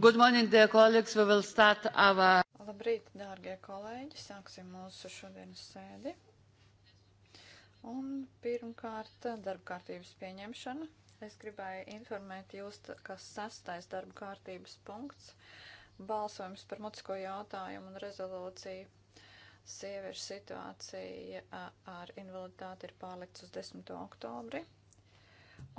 Good morning, dear colleagues. We will start our. Labrīt, dārgie kolēģi. Sāksim mūsu šodienas sēdi. Un pirmkārt, darba kārtības pieņemšana. Es gribēju informēt jūs, ka sastais darba kārtības punkts - balsojums par mutisko jautājumu un rezolūciju. Sieviešu situācija ar invaliditāti ir pārlikts uz 10. oktobri.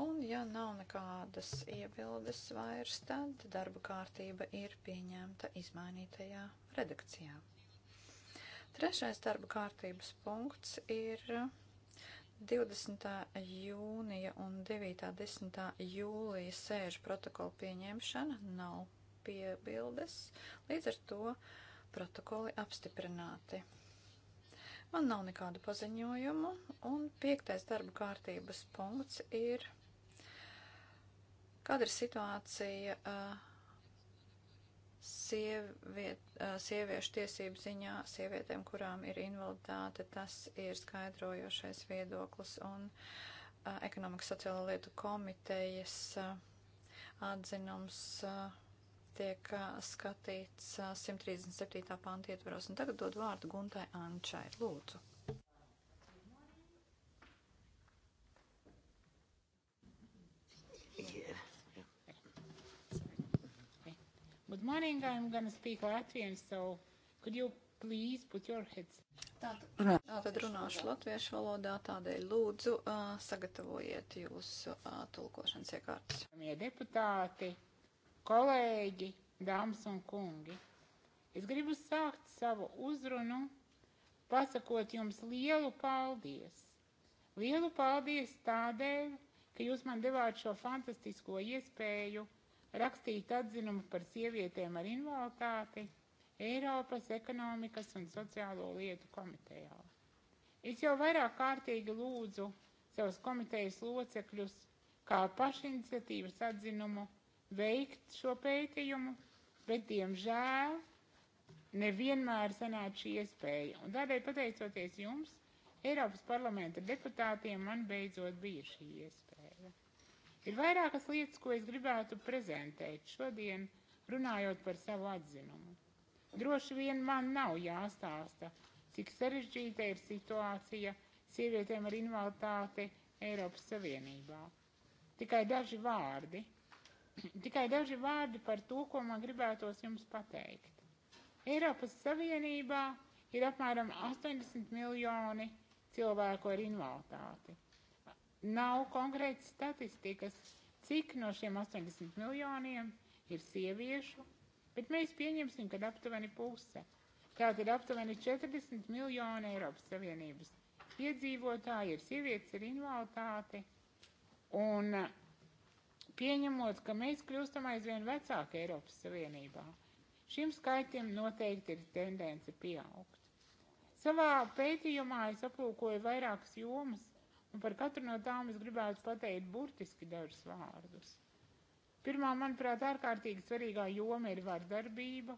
Un, ja nav nekādas iebildes vairs, tad darba kārtība ir pieņemta izmainītajā redakcijā. Trešais darba kārtības punkts ir 20. jūnija un 9.10. jūlija sēžu protokola pieņemšana. Nav piebildes, līdz ar to protokoli apstiprināti. Man nav nekādu paziņojumu, un piektais darba kārtības punkts ir, kāda ir situācija uh, sieviet, uh, sieviešu tiesību ziņā sievietēm, kurām ir invaliditāte, tas ir skaidrojošais viedoklis, un uh, ekonomikas sociālo lietu komitejas uh, atzinums. Uh, tiek skatīts 137. panta ietveros. Un tagad dod vārdu Guntai Ančai. Lūdzu. Good morning, I'm gonna speak Latvian, so could you please put your heads? Tātad runāšu latviešu valodā, tādēļ lūdzu uh, sagatavojiet jūsu uh, tulkošanas iekārtas. Deputāti, kolēģi, dāmas un kungi! Es gribu sākt savu uzrunu, pasakot jums lielu paldies! Lielu paldies tādēļ, ka jūs man devāt šo fantastisko iespēju rakstīt atzinumu par sievietēm ar invaliditāti Eiropas ekonomikas un sociālo lietu komitejā. Es jau vairāk kārtīgi lūdzu savus komitejas locekļus kā pašiniciatīvas atzinumu veikt šo pētījumu, bet, diemžēl, nevienmēr sanāca šī iespēja. Un tādēļ, pateicoties jums, Eiropas parlamenta deputātiem, man beidzot bija šī iespēja. Ir vairākas lietas, ko es gribētu prezentēt šodien, runājot par savu atzinumu. Droši vien man nav jāstāsta, cik sarežģīta ir situācija sievietēm ar invaliditāti Eiropas Savienībā. Tikai daži vārdi – Tikai daži vārdi par to, ko man gribētos jums pateikt. Eiropas Savienībā ir apmēram 80 miljoni cilvēku ar invaliditāti. Nav konkrētas statistikas, cik no šiem 80 miljoniem ir sieviešu, bet mēs pieņemsim, ka aptuveni puse. Tātad aptuveni 40 miljoni Eiropas Savienības iedzīvotāji ir sievietes ar invaliditāti, un pieņemot, ka mēs kļūstam aizvien vecāki Eiropas Savienībā. Šim skaitim noteikti ir tendence pieaugt. Savā pētījumā es aplūkoju vairākas jomas, un par katru no tām es gribētu pateikt burtiski dažus vārdus. Pirmā, manuprāt, ārkārtīgi svarīgā joma ir vardarbība,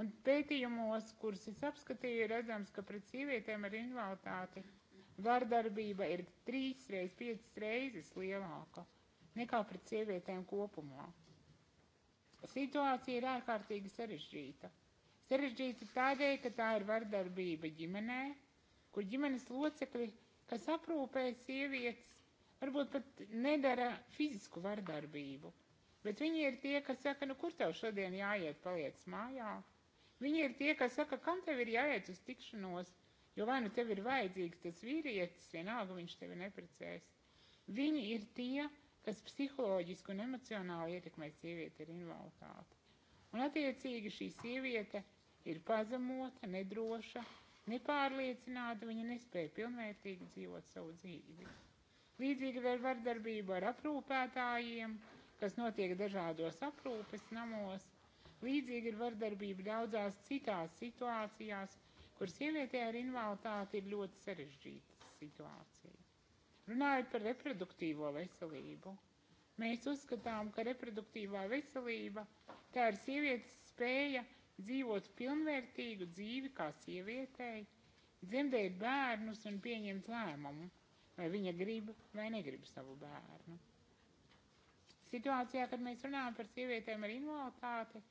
un pētījumos, kurus es apskatīju, redzams, ka pret sievietēm ar invaliditāti vardarbība ir trīsreiz, piecas reizes lielāka nekā pret sievietēm kopumā. Situācija ir ārkārtīgi sarežģīta. Sarežģīta tādēļ, ka tā ir vardarbība ģimenē, kur ģimenes locekļi, kas aprūpē sievietes, varbūt pat nedara fizisku vardarbību, bet viņi ir tie, kas saka, nu kur tev šodien jāiet, paliec mājā. Viņi ir tie, kas saka, kam tev ir jāiet uz tikšanos, jo vai nu tev ir vajadzīgs tas vīrietis, vienalga viņš tevi neprecēs. Viņi ir tie, kas kas psiholoģiski un emocionāli ietekmē sievieti ar invaliditāti. Un attiecīgi šī sieviete ir pazemota, nedroša, nepārliecināta, viņa nespēja pilnvērtīgi dzīvot savu dzīvi. Līdzīgi vēl vardarbība ar aprūpētājiem, kas notiek dažādos aprūpes namos. Līdzīgi ir vardarbība daudzās citās situācijās, kur sievietē ar invaliditāti ir ļoti sarežģīta situācija. Runājot par reproduktīvo veselību, mēs uzskatām, ka reproduktīvā veselība tā ir sievietes spēja dzīvot pilnvērtīgu dzīvi kā sievietei, dzemdēt bērnus un pieņemt lēmumu, vai viņa grib vai negrib savu bērnu. Situācijā, kad mēs runājam par sievietēm ar invaliditāti,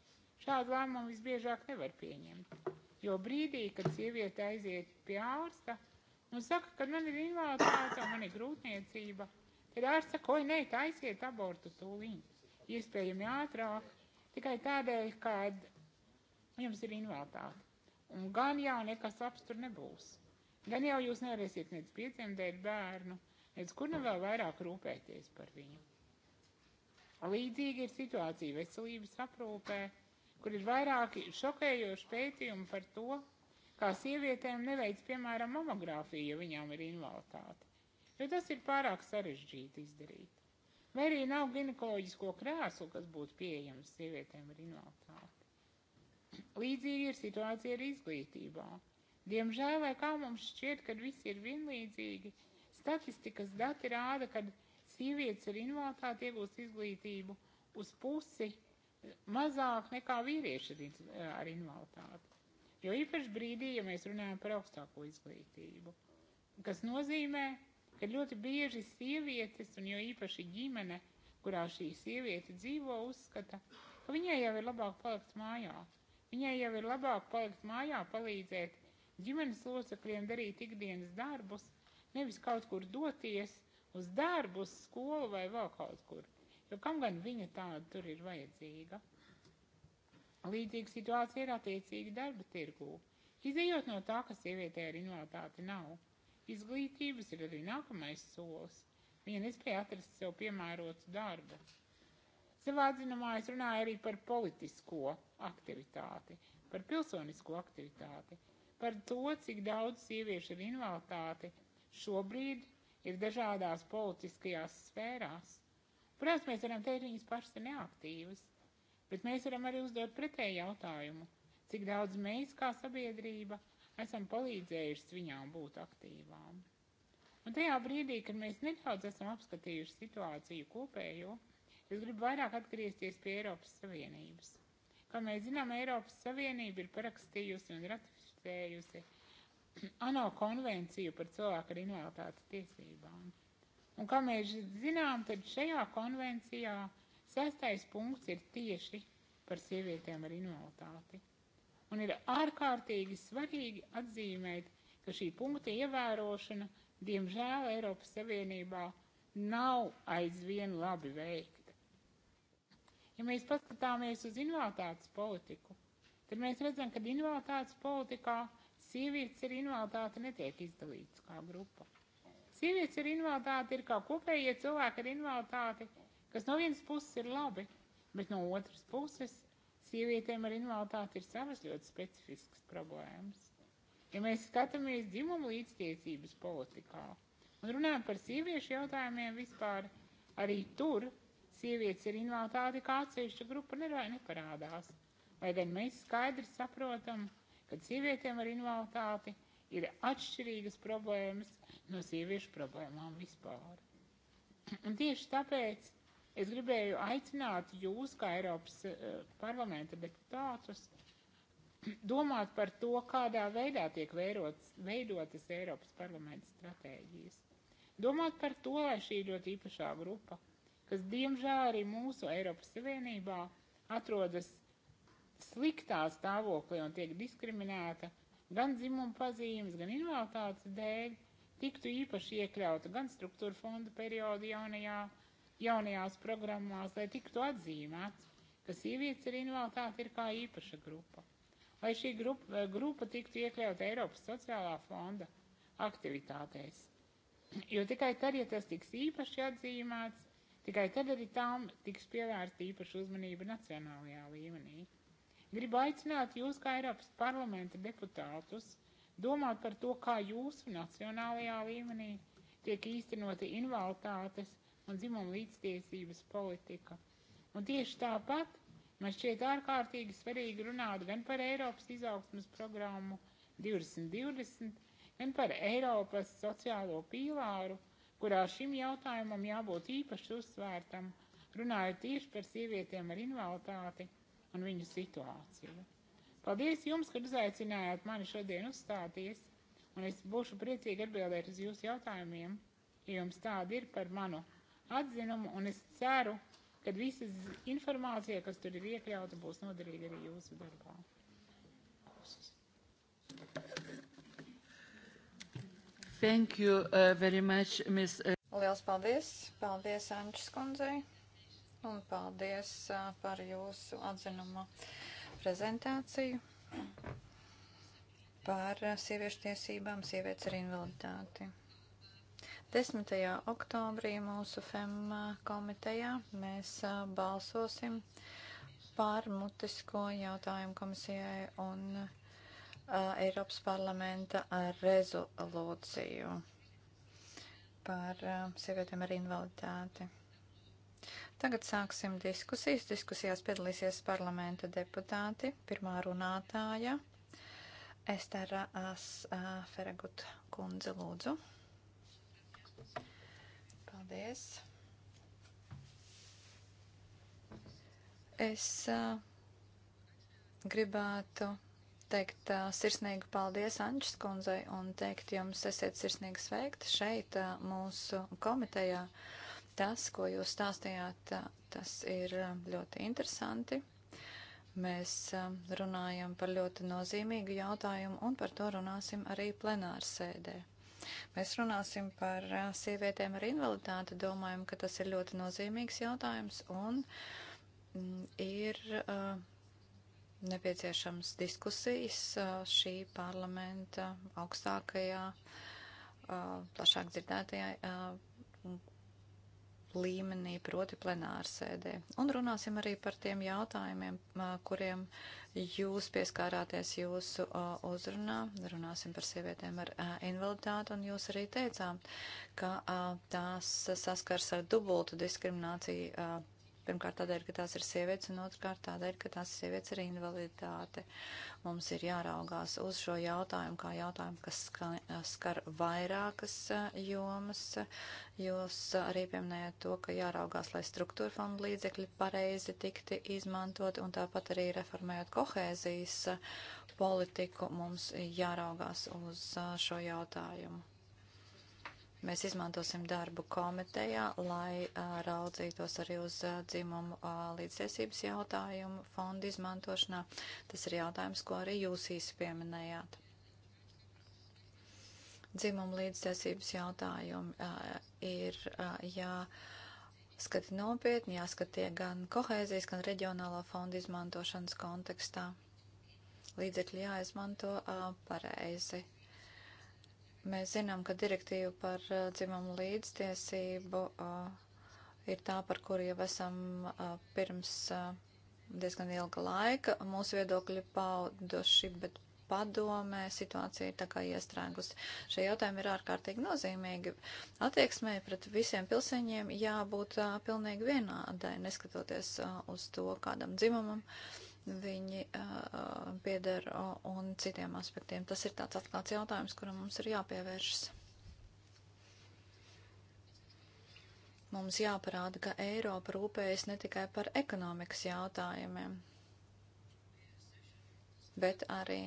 šādu lēmumu visbiežāk nevar pieņemt. Jo brīdī, kad sieviete aiziet pie ārsta, Un nu, saka, kad man ir invaliditāte un man ir grūtniecība, tad ārsts saka, oi, nē, taisiet abortu tūlīt, iespējami ātrāk, tikai tādēļ, kad jums ir invaliditāte. Un gan jau nekas apstur nebūs. Gan jau jūs nevarēsiet nec piedzemdēt bērnu, nec kur nu vēl vairāk rūpēties par viņu. Līdzīgi ir situācija veselības aprūpē, kur ir vairāki šokējoši pētījumi par to, kā sievietēm neveic, piemēram, mamogrāfiju, ja viņām ir invaliditāte, jo tas ir pārāk sarežģīti izdarīt. Vai arī nav ginekoloģisko krēslu, kas būtu pieejams sievietēm ar invaliditāti. Līdzīgi ir situācija arī izglītībā. Diemžēl, vai kā mums šķiet, kad visi ir vienlīdzīgi, statistikas dati rāda, ka sievietes ar invaliditāti iegūst izglītību uz pusi mazāk nekā vīrieši ar invaliditāti. Jo īpaši brīdī, ja mēs runājam par augstāko izglītību, kas nozīmē, ka ļoti bieži sievietes, un jo īpaši ģimene, kurā šī sieviete dzīvo, uzskata, ka viņai jau ir labāk palikt mājā. Viņai jau ir labāk palikt mājā, palīdzēt ģimenes locekļiem darīt ikdienas darbus, nevis kaut kur doties uz darbu, uz skolu vai vēl kaut kur. Jo kam gan viņa tāda tur ir vajadzīga? Līdzīga situācija ir attiecīgi darba tirgū. Izejot no tā, ka sievietē ar invaliditāti nav, izglītības ir arī nākamais solis. Viņa nespēja atrast sev piemērotu darbu. Savā atzinumā es runāju arī par politisko aktivitāti, par pilsonisko aktivitāti, par to, cik daudz sieviešu ar invaliditāti šobrīd ir dažādās politiskajās sfērās. Protams, mēs varam teikt, viņas pašas ir neaktīvas Bet mēs varam arī uzdot pretēju jautājumu, cik daudz mēs kā sabiedrība esam palīdzējuši viņām būt aktīvām. Un tajā brīdī, kad mēs nedaudz esam apskatījuši situāciju kopējo, es gribu vairāk atgriezties pie Eiropas Savienības. Kā mēs zinām, Eiropas Savienība ir parakstījusi un ratificējusi ANO konvenciju par cilvēku ar invaliditātes tiesībām. Un kā mēs zinām, tad šajā konvencijā Sestais punkts ir tieši par sievietēm ar invaliditāti. Un ir ārkārtīgi svarīgi atzīmēt, ka šī punkta ievērošana, diemžēl, Eiropas Savienībā nav aizvien labi veikta. Ja mēs paskatāmies uz invaliditātes politiku, tad mēs redzam, ka invaliditātes politikā sievietes ar invaliditāti netiek izdalītas kā grupa. Sievietes ar invaliditāti ir kā kopējie cilvēki ar invaliditāti kas no vienas puses ir labi, bet no otras puses sievietēm ar invaliditāti ir savas ļoti specifiskas problēmas. Ja mēs skatāmies dzimumu līdztiesības politikā un runājam par sieviešu jautājumiem vispār, arī tur sievietes ar invaliditāti kā atsevišķa grupa nerai neparādās. Lai gan mēs skaidri saprotam, ka sievietēm ar invaliditāti ir atšķirīgas problēmas no sieviešu problēmām vispār. Un tieši tāpēc Es gribēju aicināt jūs, kā Eiropas eh, parlamenta deputātus, domāt par to, kādā veidā tiek veidotas, veidotas Eiropas parlamenta stratēģijas. Domāt par to, lai šī ļoti īpašā grupa, kas diemžēl arī mūsu Eiropas Savienībā atrodas sliktā stāvoklī un tiek diskriminēta gan dzimuma pazīmes, gan invaliditātes dēļ, tiktu īpaši iekļauta gan struktūra fonda perioda jaunajā jaunajās programmās, lai tiktu atzīmēts, ka sievietes ar invaliditāti ir kā īpaša grupa. Lai šī grupa, eh, grupa tiktu iekļauta Eiropas sociālā fonda aktivitātēs. Jo tikai tad, ja tas tiks īpaši atzīmēts, tikai tad arī tām tiks pievērsta īpaša uzmanība nacionālajā līmenī. Gribu aicināt jūs, kā Eiropas parlamenta deputātus, domāt par to, kā jūsu nacionālajā līmenī tiek īstenoti invaliditātes un dzimuma līdztiesības politika. Un tieši tāpat man šķiet ārkārtīgi svarīgi runāt gan par Eiropas izaugsmas programmu 2020, gan par Eiropas sociālo pīlāru, kurā šim jautājumam jābūt īpaši uzsvērtam, runājot tieši par sievietēm ar invaliditāti un viņu situāciju. Paldies jums, ka uzaicinājāt mani šodien uzstāties, un es būšu priecīgi atbildēt uz jūsu jautājumiem, ja jums tādi ir par manu atzinumu, un es ceru, ka visa informācija, kas tur ir iekļauta, būs noderīga arī jūsu darbā. Thank you uh, very much, Ms. Uh, Liels paldies! Paldies Ančes kundzei un paldies uh, par jūsu atzinuma prezentāciju par uh, sieviešu tiesībām, sievietes ar invaliditāti. 10. oktobrī mūsu FEM komitejā mēs balsosim par mutisko jautājumu komisijai un Eiropas parlamenta rezolūciju par sievietēm ar invaliditāti. Tagad sāksim diskusijas. Diskusijās piedalīsies parlamenta deputāti. Pirmā runātāja Estera Feragutā kundze lūdzu. Paldies! Es uh, gribētu teikt uh, sirsnīgi paldies Anģis kundzei un teikt jums esiet sirsnīgi sveikti šeit uh, mūsu komitejā. Tas, ko jūs stāstījāt, uh, tas ir uh, ļoti interesanti. Mēs uh, runājam par ļoti nozīmīgu jautājumu un par to runāsim arī plenārsēdē. Ar Mēs runāsim par sievietēm ar invaliditāti, domājam, ka tas ir ļoti nozīmīgs jautājums un mm, ir nepieciešams diskusijas šī parlamenta augstākajā, plašāk dzirdētajā līmenī, proti plenārsēdē. Un runāsim arī par tiem jautājumiem, kuriem Jūs pieskārāties jūsu uzrunā, runāsim par sievietēm ar invaliditāti, un jūs arī teicām, ka tās saskars ar dubultu diskrimināciju Pirmkārt tādēļ, ka tās ir sievietes, un otrkārt tādēļ, ka tās sievietes ir invaliditāte. Mums ir jāraugās uz šo jautājumu kā jautājumu, kas skar vairākas jomas. Jūs arī pieminējat to, ka jāraugās, lai struktūra fonda līdzekļi pareizi tikti izmantot, un tāpat arī reformējot kohēzijas politiku, mums jāraugās uz šo jautājumu. Mēs izmantosim darbu komitejā, lai a, raudzītos arī uz a, dzimumu a, līdztiesības jautājumu fondu izmantošanā. Tas ir jautājums, ko arī jūs īsi pieminējāt. Dzimumu līdztiesības jautājumi ir jā. Skati nopietni, jāskatie gan kohēzijas, gan reģionālā fonda izmantošanas kontekstā. Līdzekļi jāizmanto uh, pareizi Mēs zinām, ka direktīva par uh, dzimumu līdztiesību uh, ir tā, par kuru jau esam uh, pirms diezgan ilga laika mūsu viedokļi pauduši, bet padomē situācija ir tā kā iestrēgusi. Šie jautājumi ir ārkārtīgi nozīmīgi. Attieksmē pret visiem pilsēņiem jābūt pilnīgi vienādai, neskatoties uz to, kādam dzimumam. Uh, viņi uh, pieder un citiem aspektiem. Tas ir tāds atklāts jautājums, kuram mums ir jāpievēršas. Mums jāparāda, ka Eiropa rūpējas ne tikai par ekonomikas jautājumiem, bet arī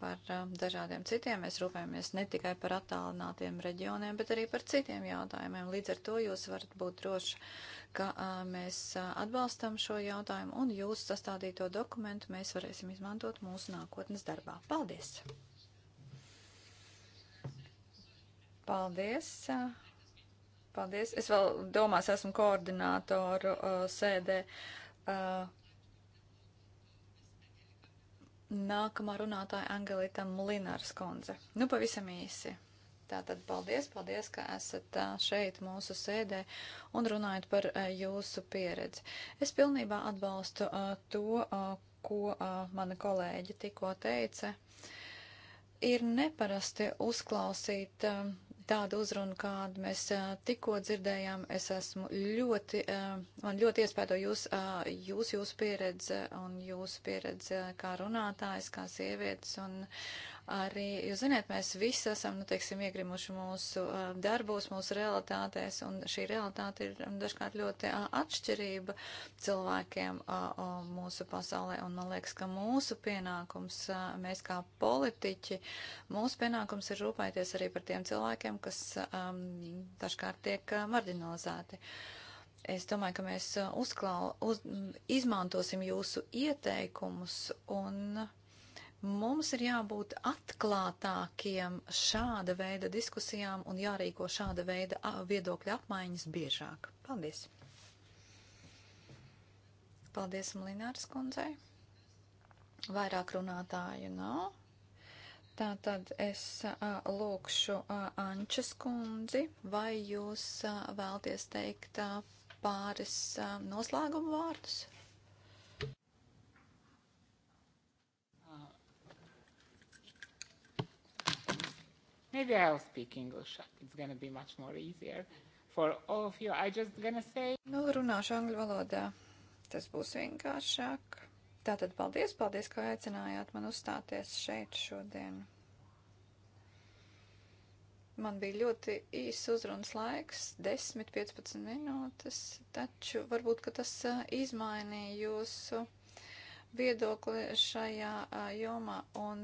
par um, dažādiem citiem. Mēs rūpējamies ne tikai par attālinātiem reģioniem, bet arī par citiem jautājumiem. Līdz ar to jūs varat būt droši, ka uh, mēs uh, atbalstam šo jautājumu un jūsu sastādīto dokumentu mēs varēsim izmantot mūsu nākotnes darbā. Paldies! Paldies! Uh, paldies! Es vēl domās esmu koordinātoru sēdē. Uh, Nākamā runātāja Angelita Mulinārs kundze. Nu, pavisam īsi. Tātad paldies, paldies, ka esat šeit mūsu sēdē un runājat par jūsu pieredzi. Es pilnībā atbalstu to, ko mana kolēģi tikko teica. Ir neparasti uzklausīt tādu uzrunu, kādu mēs tikko dzirdējām. Es esmu ļoti, man ļoti iespēto jūs, jūs, jūsu pieredze un jūsu pieredze kā runātājs, kā sievietes. Un arī, jūs ziniet, mēs visi esam, nu, teiksim, iegrimuši mūsu darbos, mūsu realitātēs, un šī realitāte ir nu, dažkārt ļoti atšķirība cilvēkiem mūsu pasaulē. Un man liekas, ka mūsu pienākums, mēs kā politiķi, mūsu pienākums ir rūpēties arī par tiem cilvēkiem, kas um, dažkārt tiek uh, marginalizēti. Es domāju, ka mēs uh, uzklau, uz, izmantosim jūsu ieteikumus un mums ir jābūt atklātākiem šāda veida diskusijām un jārīko šāda veida viedokļa apmaiņas biežāk. Paldies! Paldies Lināras kundzei. Vairāk runātāju nav. Tā tad es lūkšu Ančas kundzi, vai jūs vēlties teikt pāris noslēguma vārdus? Uh, maybe I'll speak English. It's going to be much more easier for all of you. I just going to say. Nu, runāšu angļu valodā. Tas būs vienkāršāk. Tātad paldies, paldies, ka aicinājāt man uzstāties šeit šodien. Man bija ļoti īss uzrunas laiks, 10-15 minūtes, taču varbūt, ka tas izmainīja jūsu. Uh, viedokli šajā jomā un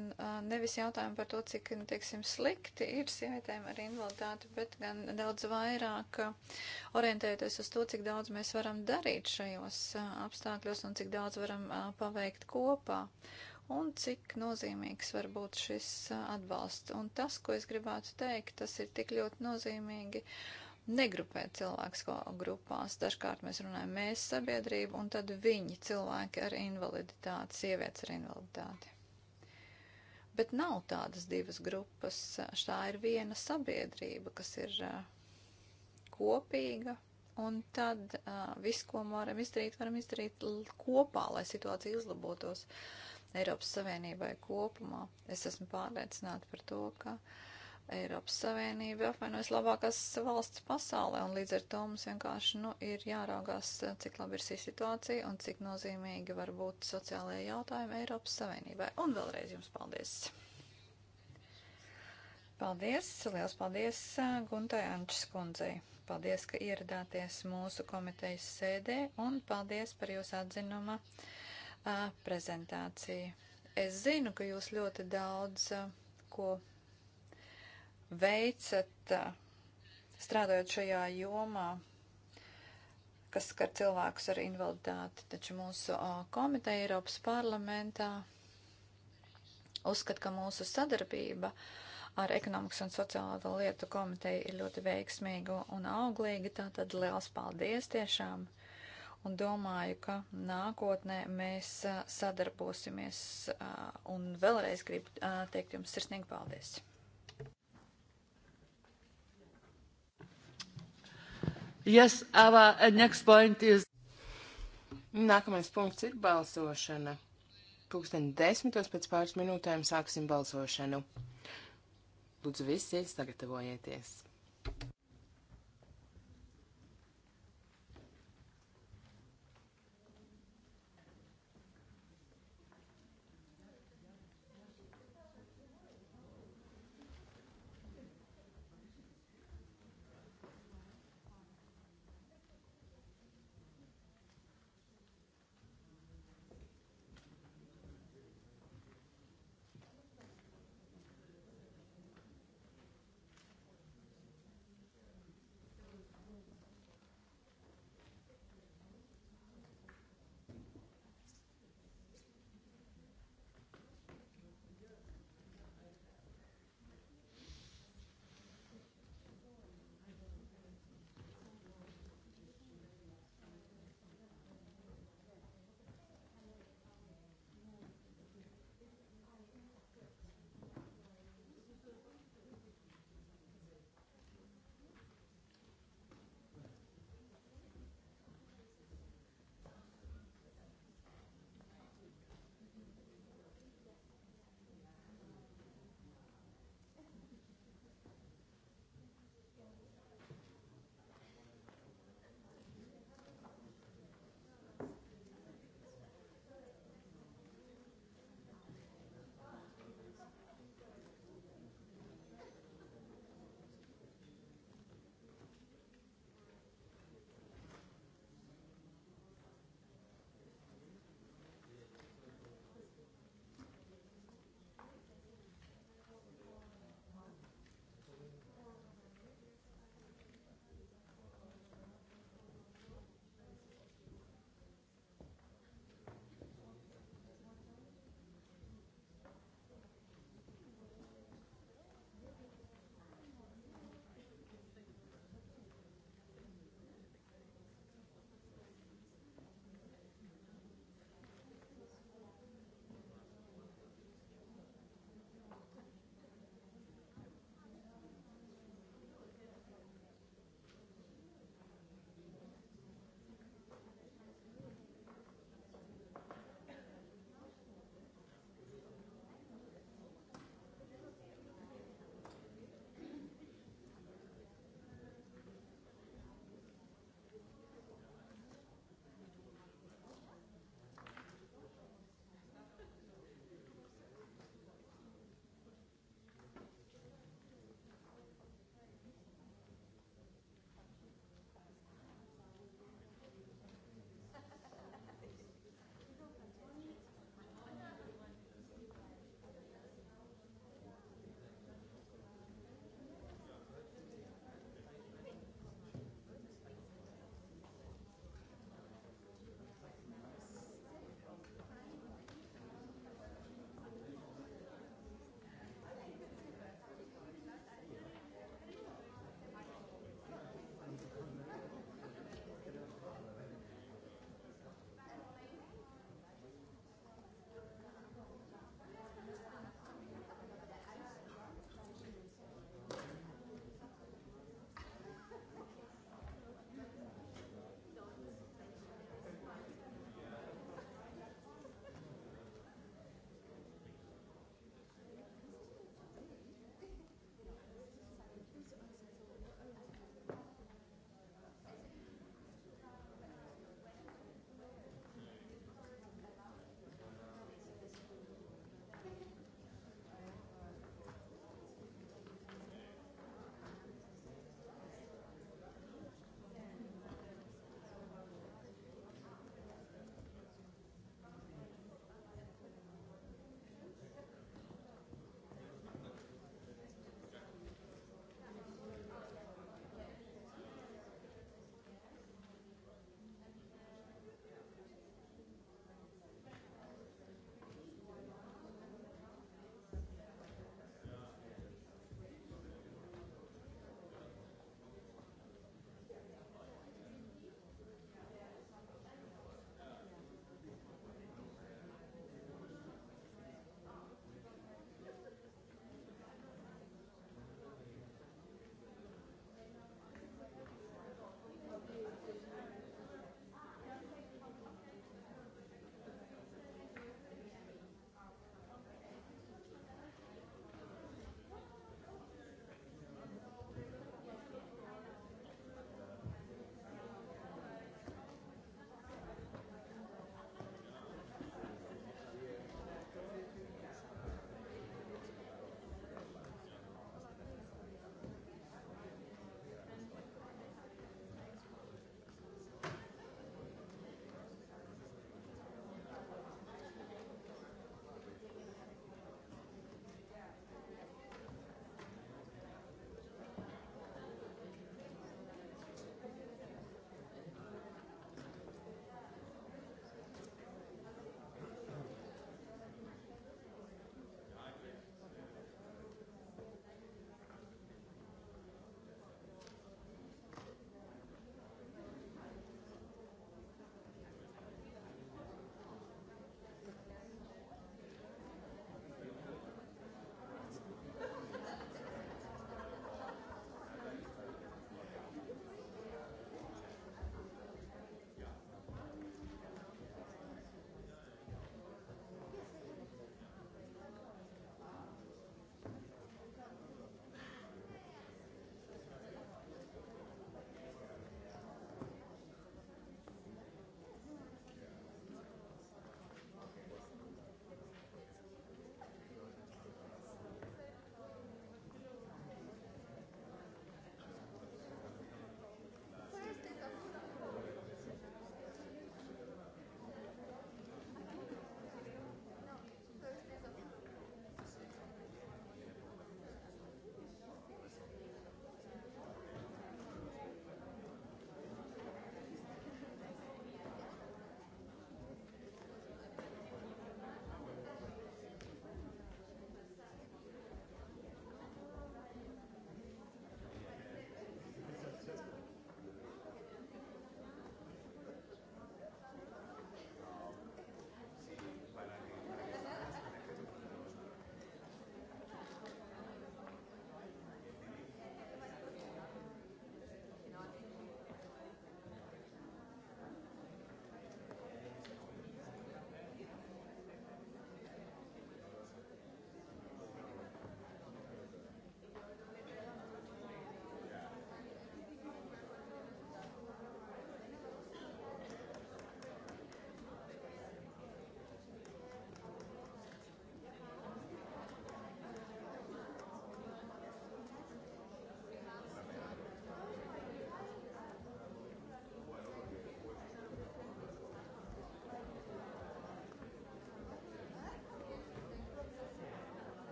nevis jautājumu par to, cik, nu, teiksim, slikti ir sievietēm ar invaliditāti, bet gan daudz vairāk orientēties uz to, cik daudz mēs varam darīt šajos apstākļos un cik daudz varam paveikt kopā un cik nozīmīgs var būt šis atbalsts. Un tas, ko es gribētu teikt, tas ir tik ļoti nozīmīgi. Uh, negrupēt cilvēks grupās. Dažkārt mēs runājam mēs sabiedrību un tad viņi cilvēki ar invaliditāti, sievietes ar invaliditāti. Bet nav tādas divas grupas. Tā ir viena sabiedrība, kas ir eh, kopīga. Un tad uh, viss, ko varam izdarīt, varam izdarīt kopā, lai situācija uzlabotos Eiropas Savienībai kopumā. Es esmu pārliecināta par to, ka uh, Eiropas Savienība apvienojas labākās valsts pasaulē, un līdz ar to mums vienkārši nu, ir jāraugās, cik labi ir šī situācija un cik nozīmīgi var būt sociālajie jautājumi Eiropas Savienībai. Un vēlreiz jums paldies! Paldies! Liels paldies Guntai Ančs kundzei! Paldies, ka ieradāties mūsu komitejas sēdē, un paldies par jūsu atzinuma a, prezentāciju. Es zinu, ka jūs ļoti daudz a, ko veicat strādājot šajā jomā, kas skar cilvēkus ar invaliditāti. Taču mūsu komiteja Eiropas parlamentā uzskata, ka mūsu sadarbība ar ekonomikas un sociālo lietu komiteju ir ļoti veiksmīga un auglīga. Tātad liels paldies tiešām! Un domāju, ka nākotnē mēs sadarbosimies. Un vēlreiz gribu teikt jums sirsnīgi paldies! Yes, our uh, next point is. Nākamais punkts ir balsošana. Pūksteni desmitos pēc pāris minūtēm sāksim balsošanu. Lūdzu, visi sagatavojieties!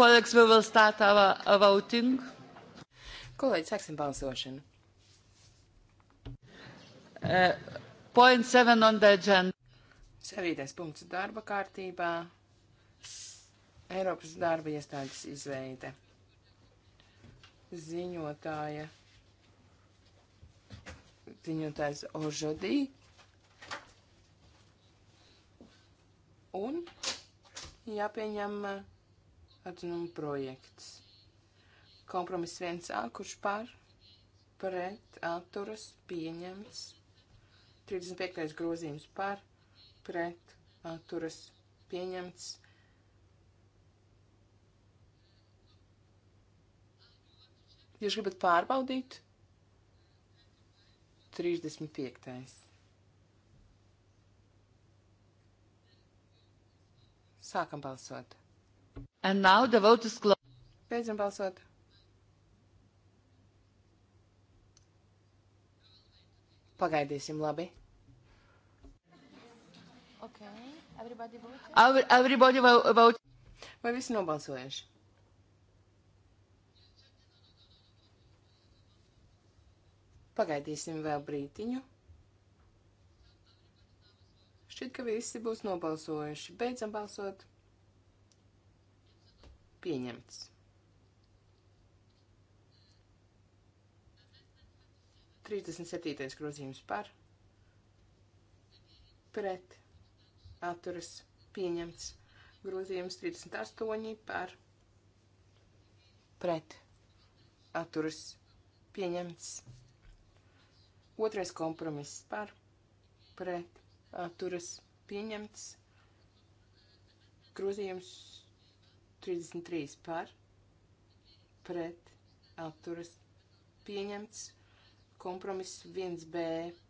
Kolēģis vēl vēl stāt ava voting. Kolēģi, sāksim balsošanu. Uh, point seven on the agenda. Sevītais punkts darba kārtībā. Eiropas darba iestādes izveide. Ziņotāja. Ziņotājs Ožodī jāpieņem eh, atzinuma projekts. Kompromiss 1A, kurš par, pret, atturas, pieņemts. 35. grozījums par, pret, atturas, pieņemts. Jūs gribat pārbaudīt? 35. Sākam balsot. And now the vote is closed. Beidzam balsot. Pagaidīsim, labi. Okay. Everybody vote. Everybody vote. Vai visi nobalsojuši? Pagaidīsim vēl brītiņu. Šķiet, ka visi būs nobalsojuši. Beidzam balsot. Pieņemts. Trīsdesmit septītais grozījums par, pret, atturas, pieņemts. Grozījums 38 par, pret, atturas, pieņemts. Otrais kompromiss par, pret, atturas pieņemts. Grozījums 33 par, pret, atturas pieņemts. Kompromiss 1B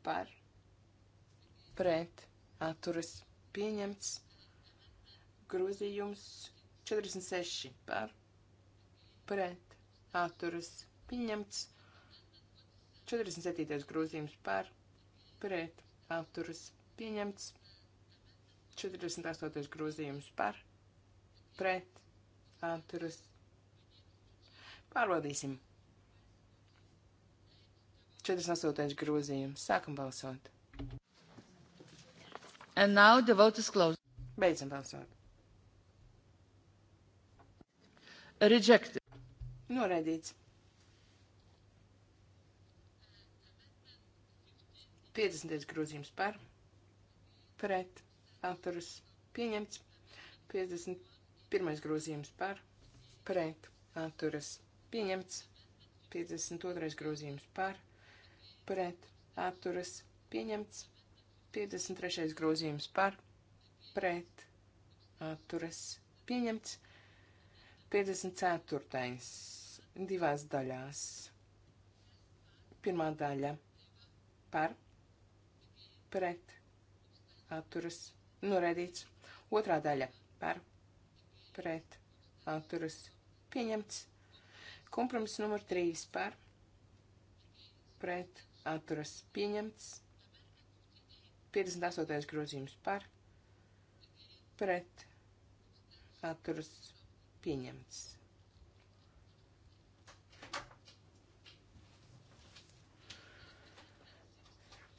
par, pret, atturas pieņemts. Grozījums 46 par, pret, atturas pieņemts. 47. grozījums par, pret, atturas pieņemts. Pieņemts 48. grozījums par, pret, atturas. Pārbaudīsim. 48. grozījums. Sākam balsot. And now the vote is closed. Beidzam balsot. Rejected. Noraidīts. 50. grozījums par pret atturas pieņemts. 51. grozījums par pret atturas pieņemts. 52. grozījums par pret atturas pieņemts. 53. grozījums par pret atturas pieņemts. 54. divās daļās. Pirmā daļa par pret atturas noraidīts. Otrā daļa par pret atturas pieņemts. Kompromiss numur 3 par pret atturas pieņemts. 58. grozījums par pret atturas pieņemts.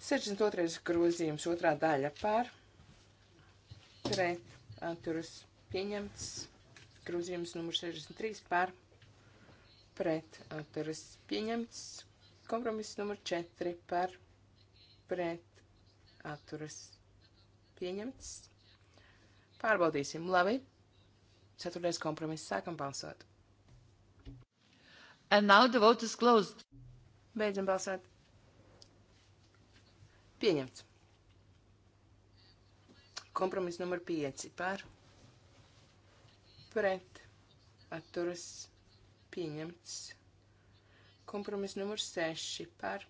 62. grozījums otrā daļa par pret atturas pieņemts. Grozījums numur 63 par pret atturas pieņemts. Kompromiss numur 4 par pret atturas pieņemts. Pārbaudīsim. Labi. Ceturtais kompromiss. Sākam balsot. And now the vote is closed. Beidzam balsot. Pieņemts. Kompromiss numur 5 par pret atturas pieņemts. Kompromiss numur 6 par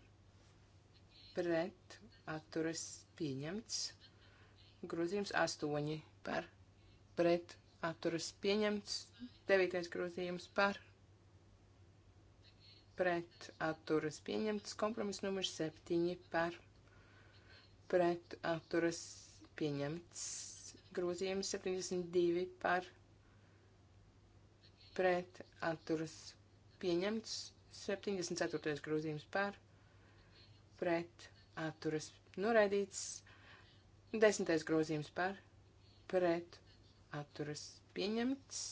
pret atturas pieņemts. Grozījums 8 par pret atturas pieņemts. 9. grozījums par pret atturas pieņemts. Kompromiss numur 7 par pret pret atturas pieņemts grozījums 72 par pret atturas pieņemts 74. grozījums par pret atturas noraidīts 10. grozījums par pret atturas pieņemts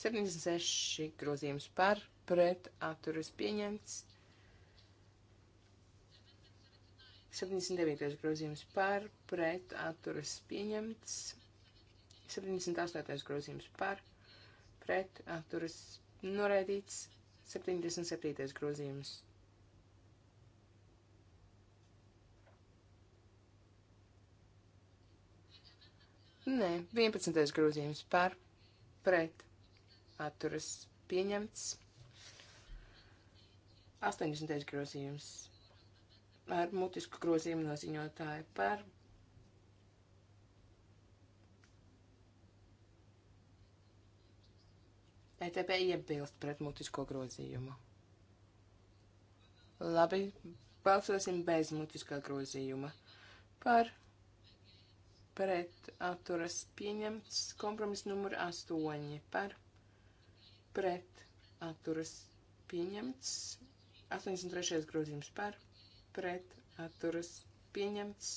76 grozījums par pret atturas pieņemts 79. grozījums par pret atturas pieņemts. 78. grozījums par pret atturas noraidīts. 77. grozījums. Nē, 11. grozījums par pret atturas pieņemts. 80. grozījums ar mutisku grozījumu noziņotāju par ETP iebilst pret mutisko grozījumu. Labi, balsosim bez mutiskā grozījuma. Par pret atturas pieņemts kompromis numur 8. Par pret atturas pieņemts 83. grozījums par pret atturas pieņemts.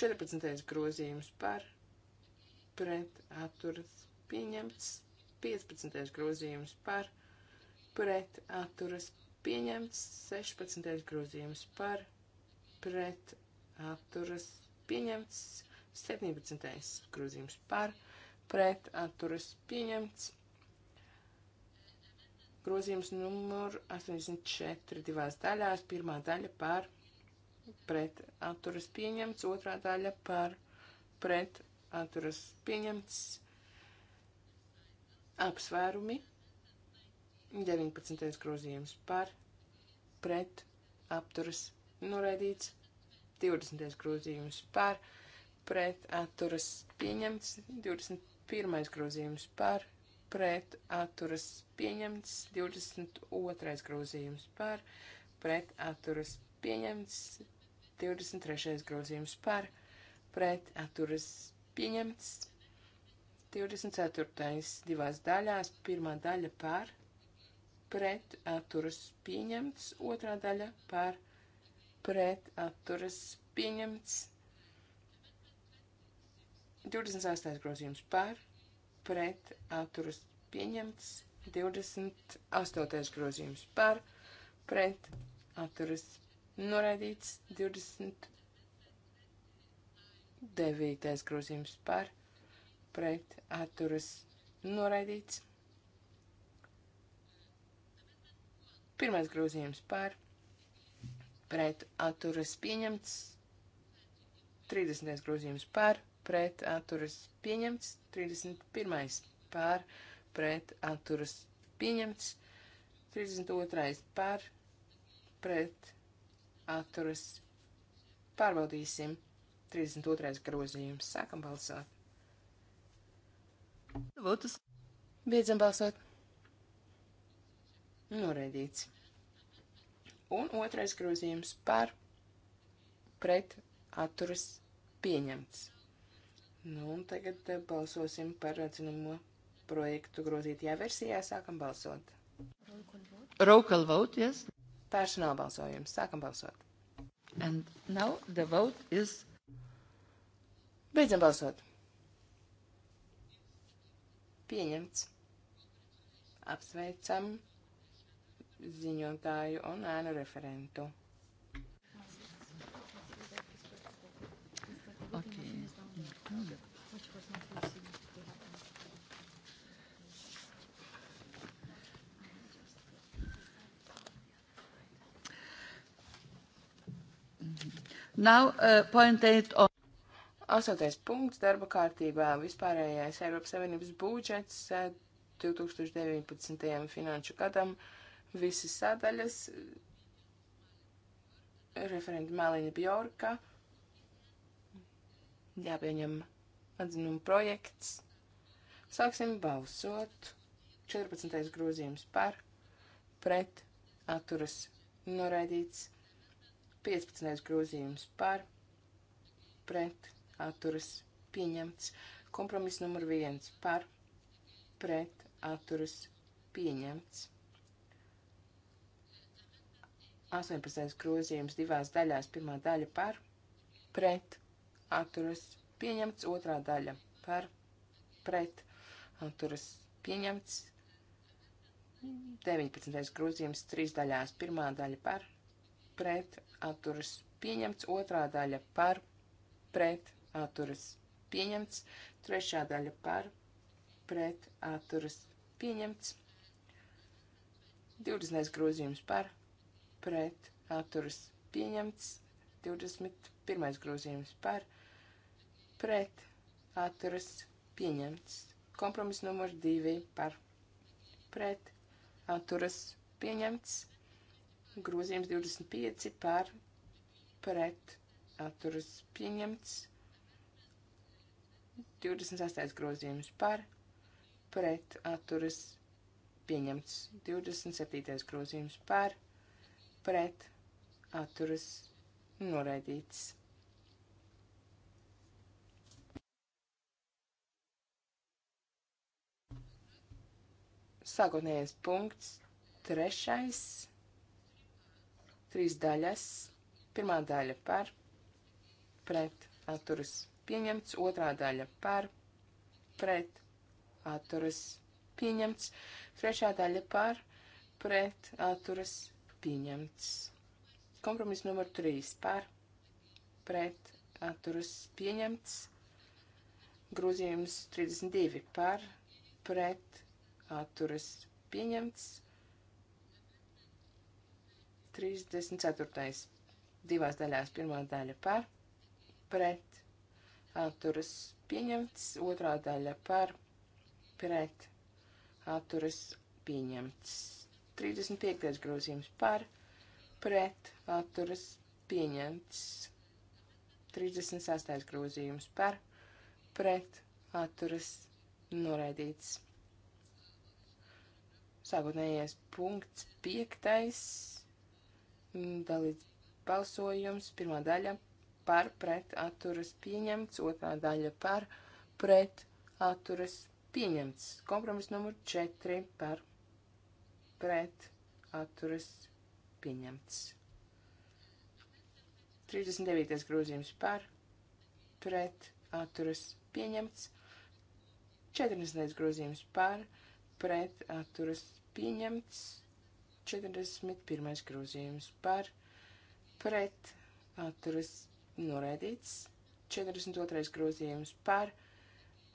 14. grozījums par pret atturas pieņemts. 15. grozījums par pret atturas pieņemts. 16. grozījums par pret atturas pieņemts. 17. grozījums par pret atturas pieņemts grozījums numur 84 divās daļās. Pirmā daļa par pret atturas pieņemts, otrā daļa par pret atturas pieņemts apsvērumi 19. grozījums par pret atturas noraidīts, 20. grozījums par pret atturas pieņemts, 21. grozījums par pret pret atturas pieņemts 22. grozījums par, pret atturas pieņemts 23. grozījums par, pret atturas pieņemts 24. divās daļās, pirmā daļa par, pret atturas pieņemts, otrā daļa par, pret atturas pieņemts 26. grozījums par, pret atturas pieņemts. 28. grozījums par pret atturas noraidīts. 29. grozījums par pret atturas noraidīts. Pirmais grozījums par pret atturas pieņemts. 30. grozījums par pret pret atturas pieņemts, 31. pār pret atturas pieņemts, 32. pār pret atturas pārbaudīsim, 32. grozījums, sākam balsot. Votus. Beidzam balsot. Noraidīts. Un otrais grozījums par pret atturas pieņemts. Nu, un tagad eh, balsosim par atzinumu projektu grozītajā versijā. Sākam balsot. Roll vote, yes. Personāla balsojums. Sākam balsot. And now the vote is. Beidzam balsot. Pieņemts. Apsveicam ziņotāju un ēnu referentu. Okay. Now, uh, point eight on. Astotais punkts darba kārtībā - vispārējais Eiropas Savienības budžets 2019. Uh, finanšu gadam - visas sadaļas uh, - referenta Mēlīna Bjorka. Jāpieņem atzinuma projekts. Sāksim balsot. 14. grozījums par, pret, atturas, noraidīts. 15. grozījums par, pret, atturas, pieņemts. Kompromiss numur 1 par, pret, atturas, pieņemts. 18. grozījums divās daļās. Pirmā daļa par, pret, atturas pieņemts, otrā daļa par pret atturas pieņemts, 19. grozījums trīs daļās, pirmā daļa par pret atturas pieņemts, otrā daļa par pret atturas pieņemts, trešā daļa par pret atturas pieņemts, 20. grozījums par pret atturas pieņemts, 21. grozījums par pret pret atturas pieņemts. Kompromiss numur 2 par pret atturas pieņemts. Grozījums 25 par pret atturas pieņemts. 26. grozījums par pret atturas pieņemts. 27. grozījums par pret atturas noraidīts. Sākotnējais punkts, trešais, trīs daļas. Pirmā daļa par, pret, atturas pieņemts, otrā daļa par, pret, atturas pieņemts, trešā daļa par, pret, atturas pieņemts. Kompromiss numur 3 par, pret, atturas pieņemts. Grozījums 32 par, pret, atturas pieņemts. 34. divās daļās pirmā daļa par, pret, atturas pieņemts, otrā daļa par, pret, atturas pieņemts. 35. grozījums par, pret, atturas pieņemts. 36. grozījums par, pret, atturas noraidīts sākotnējais punkts, piektais, dalīts balsojums, pirmā daļa par pret atturas pieņemts, otrā daļa par pret atturas pieņemts. Kompromiss numur 4 par pret atturas pieņemts. 39. grozījums par pret atturas pieņemts. 40. grozījums par pret atturas pieņemts 41. grozījums par pret atturas noraidīts 42. grozījums par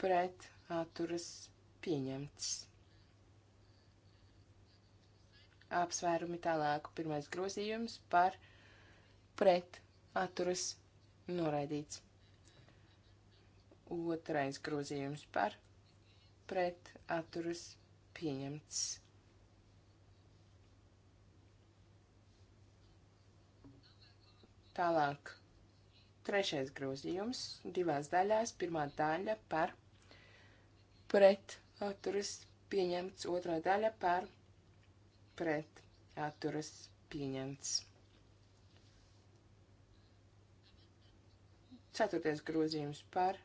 pret atturas pieņemts. Apsvērumi tālāk. Pirmais grozījums par pret atturas noraidīts. Otrais grozījums par pret atturas pieņemts. Tālāk. Trešais grozījums divās daļās. Pirmā daļa par pret atturas pieņemts, otrā daļa par pret atturas pieņemts. Ceturtais grozījums par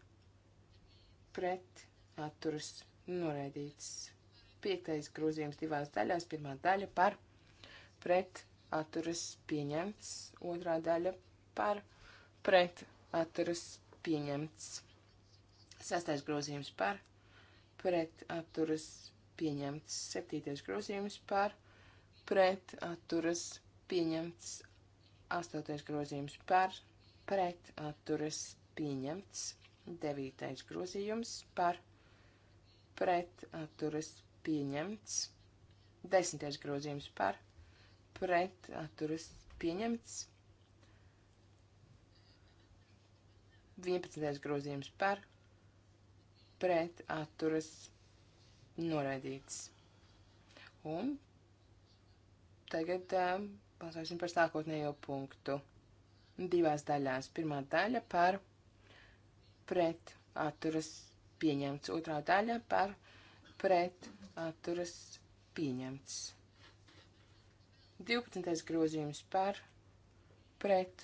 pret atturas noraidīts. Piektais grozījums divās daļās. Pirmā daļa par pret atturas pieņemts, otrā daļa par pret atturas pieņemts. Sastais grozījums par pret atturas pieņemts, septītais grozījums par pret atturas pieņemts, astotais grozījums par pret atturas pieņemts, devītais grozījums par pret atturas pieņemts, desmitais grozījums par pret pret atturas pieņemts. 11. grozījums par pret atturas noraidīts. Un tagad uh, balsosim par sākotnējo punktu. Divās daļās. Pirmā daļa par pret atturas pieņemts. Otrā daļa par pret atturas pieņemts. 12. grozījums par pret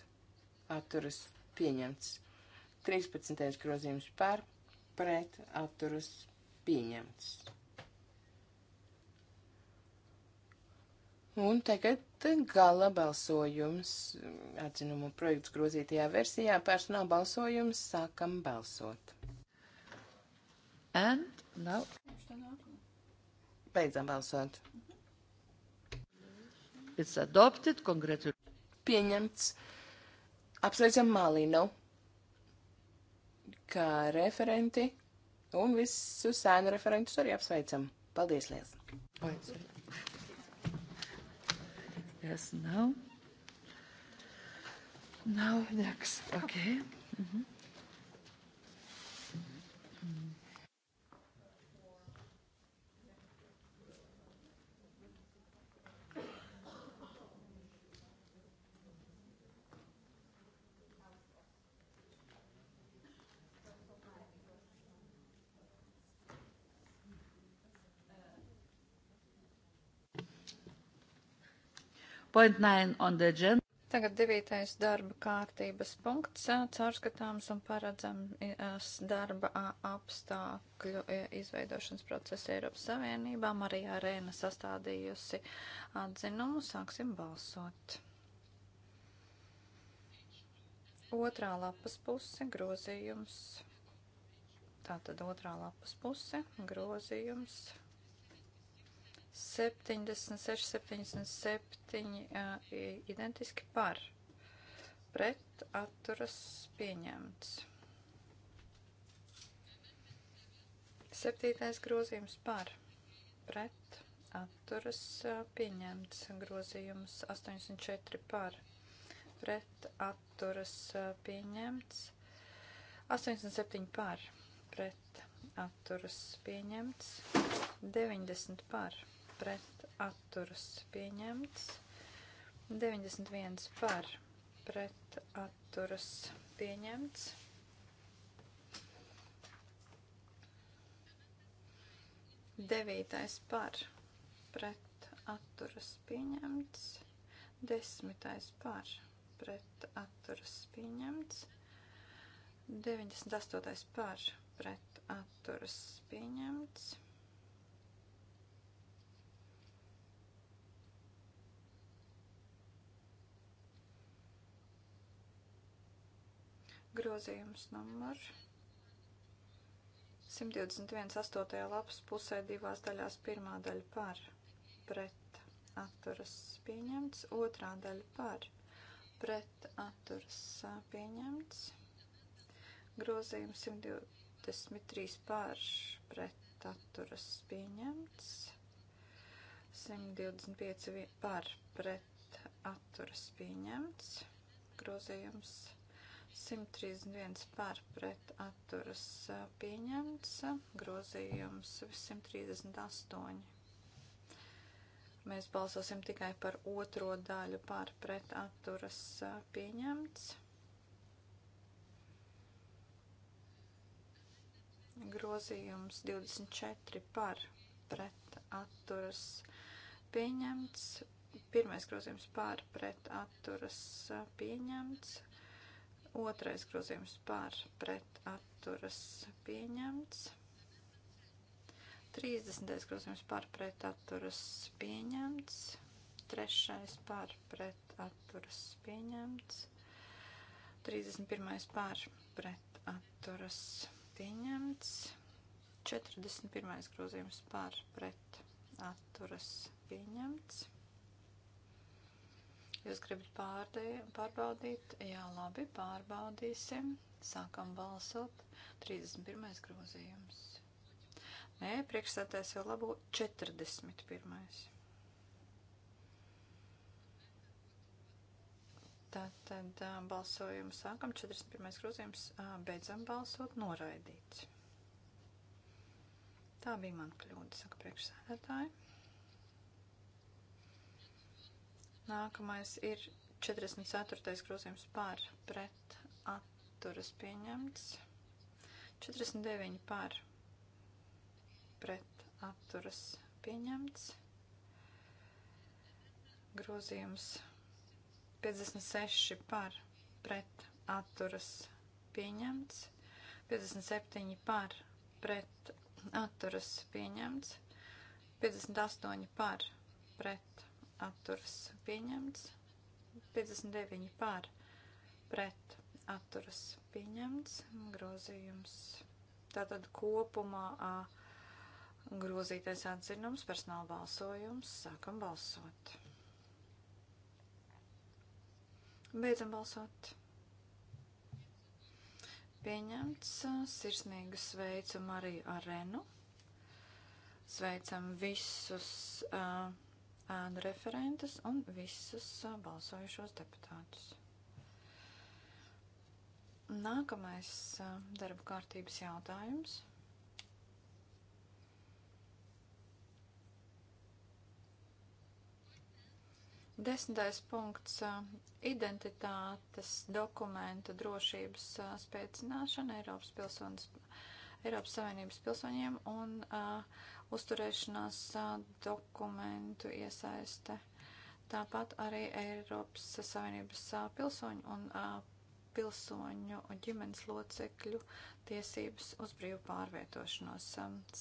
atturas pieņemts. 13. grozījums par pret atturas pieņemts. Un tagad gala balsojums, atzinumu projekts grozītajā versijā, personāla balsojums, sākam balsot. And now. Beidzam balsot. Mm -hmm. It's adopted. Congratulations. Pieņemts. Apsveicam Malinu kā referenti un visus sēnu referentus arī apsveicam. Paldies liels! Yes, now. Now next. Okay. Mm -hmm. Tagad devītais darba kārtības punkts - caurskatāms un paredzams darba apstākļu izveidošanas process Eiropas Savienībā. Marija Arēna sastādījusi atzinumu. Sāksim balsot. Otrā lapas puse - grozījums. Tātad otrā lapas puse - grozījums 76, 77 identiski par pret atturas pieņemts. Septītais grozījums par pret atturas pieņemts grozījums 84 par pret atturas pieņemts 87 par pret atturas pieņemts 90 par pret pret atturas pieņemts. 91 par pret atturas pieņemts. 9 par pret atturas pieņemts. 10 par pret atturas pieņemts. 98 par pret atturas pieņemts. Grozījums numur 121. 8. lapas pusē divās daļās pirmā daļa par pret atturas pieņemts, otrā daļa par pret atturas pieņemts. Grozījums 123 par pret atturas pieņemts. 125 par pret atturas pieņemts. Grozījums 123. 131 par pret atturas pieņemts, grozījums 138. Mēs balsosim tikai par otro daļu par pret atturas pieņemts. Grozījums 24 par pret atturas pieņemts. Pirmais grozījums par pret atturas pieņemts Otrais grozījums par pret atturas pieņemts. 30. grozījums par pret atturas pieņemts. Trešais par pret atturas pieņemts. 31. par pret atturas pieņemts. 41. grozījums par pret atturas pieņemts. Jūs gribat pārdē, pārbaudīt? Jā, labi, pārbaudīsim. Sākam balsot. 31. grozījums. Nē, priekšsētājs jau labo 41. Tātad balsojumu sākam, 41. grozījums, beidzam balsot, noraidīts. Tā bija mana kļūda, saka priekšsēdētāji. Nākamais ir 44. grozījums par pret atturas pieņemts. 49 par pret atturas pieņemts. Grozījums 56 par pret atturas pieņemts. 57 par pret atturas pieņemts. 58 par pret atturas pieņemts. 59 pār pret atturas pieņemts. Grozījums. Tātad kopumā a, grozītais atzinums, personāla balsojums. Sākam balsot. Beidzam balsot pieņemts. Sirsnīgi sveicu Mariju Arenu. Sveicam visus uh, ēnu referentus un visus balsojušos deputātus. Nākamais darba kārtības jautājums. Desmitais punkts - identitātes dokumentu drošības spēcināšana Eiropas, pilsonis, Eiropas Savienības pilsoņiem un uh, uzturēšanās dokumentu iesaiste. Tāpat arī Eiropas Savienības pilsoņu un pilsoņu ģimenes locekļu tiesības uz brīvu pārvietošanos.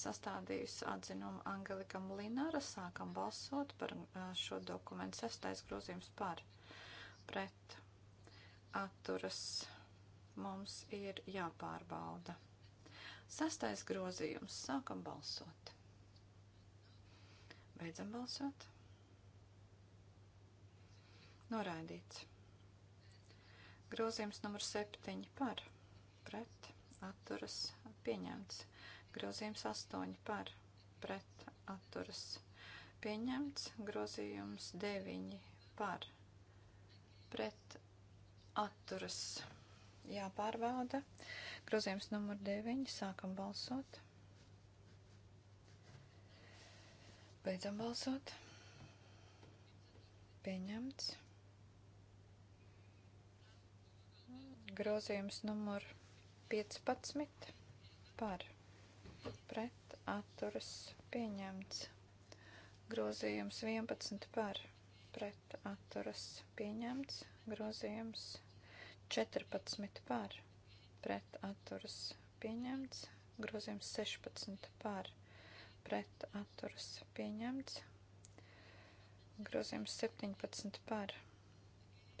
Sastādījusi atzinumu Angelika Linara, sākam balsot par šo dokumentu sastais grozījums par pret atturas mums ir jāpārbauda. Sastais grozījums. Sākam balsot. Beidzam balsot. Noraidīts. Grozījums numur 7 par pret atturas pieņemts. Grozījums 8 par pret atturas pieņemts. Grozījums 9 par pret atturas jāpārbauda. Grozījums numur 9 sākam balsot. Beidzam balsot. Pieņemts. Grozījums numur 15 par pret atturas pieņemts. Grozījums 11 par pret atturas pieņemts. Grozījums 14 par pret atturas pieņemts. Grozījums 16 par pret pret atturas pieņemts. Grozījums 17 par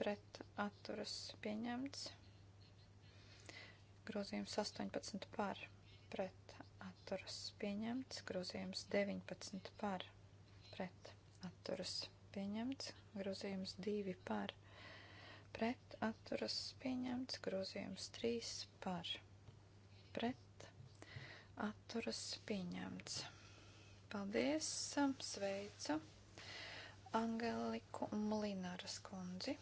pret atturas pieņemts. Grozījums 18 par pret atturas pieņemts. Grozījums 19 par pret atturas pieņemts. Grozījums 2 par pret atturas pieņemts. Grozījums 3 par pret atturas pieņemts. Paldies, sveicu Angeliku Mulinaras kundzi.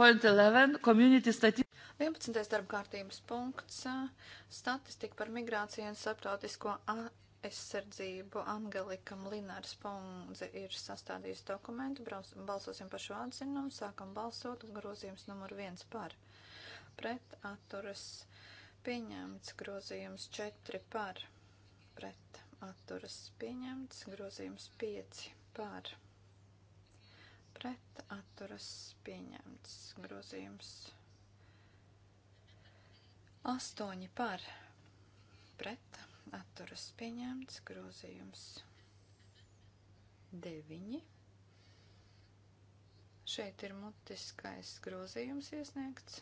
Point 11. Community statistics. 11. darba kārtības punkts. Statistika par migrāciju un starptautisko aizsardzību. Angelika Linārs Pungze ir sastādījusi dokumentu. Balsosim par šo atzinumu. Sākam balsot. Grozījums numur 1 par. Pret atturas pieņemts. Grozījums 4 par. Pret atturas pieņemts. Grozījums 5 par pret atturas pieņemts. Grozījums 8 par pret atturas pieņemts. Grozījums 9. Šeit ir mutiskais grozījums iesniegts.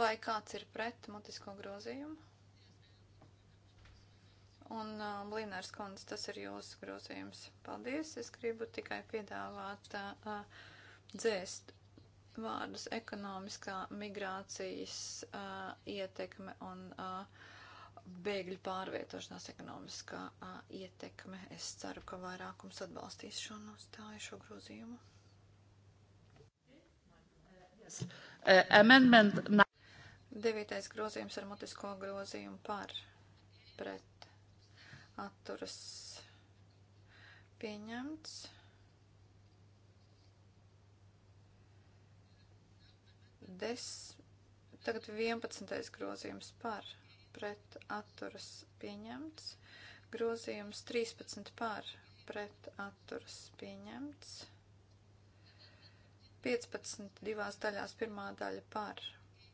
Vai kāds ir pret mutisko grozījumu? Un uh, um, Blīnārs kundze, tas ir jūsu grozījums. Paldies. Es gribu tikai piedāvāt uh, uh, dzēst vārdus ekonomiskā migrācijas uh, ietekme un uh, bēgļu pārvietošanās ekonomiskā uh, ietekme. Es ceru, ka vairākums atbalstīs šo nostāju, šo grozījumu. Yes. Uh, amendment. Devītais grozījums ar mutisko grozījumu par pret atturas pieņemts. Des, tagad 11. grozījums par pret atturas pieņemts. Grozījums 13 par pret atturas pieņemts. 15 divās daļās pirmā daļa par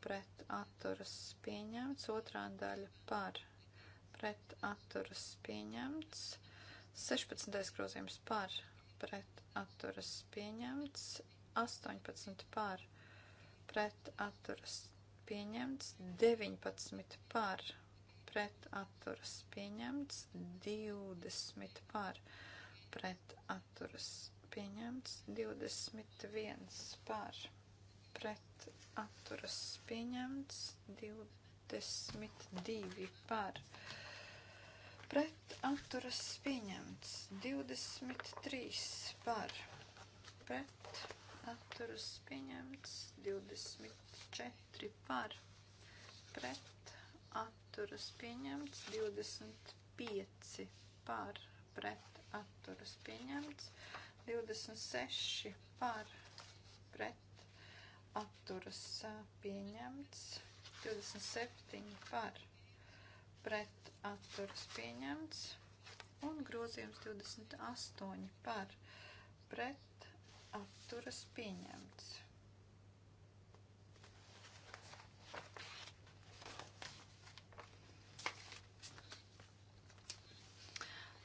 pret atturas pieņemts, otrā daļa par pret pret atturas pieņemts. 16. grozījums par pret atturas pieņemts. 18 par pret atturas pieņemts. 19 par pret atturas pieņemts. 20 par pret atturas pieņemts. 21 par pret atturas pieņemts. 22 par pret atturas pieņemts pret atturas pieņemts 23 par pret atturas pieņemts 24 par pret atturas pieņemts 25 par pret atturas pieņemts 26 par pret atturas pieņemts 27 par pret pret atturas pieņemts. Un grozījums 28 par pret atturas pieņemts.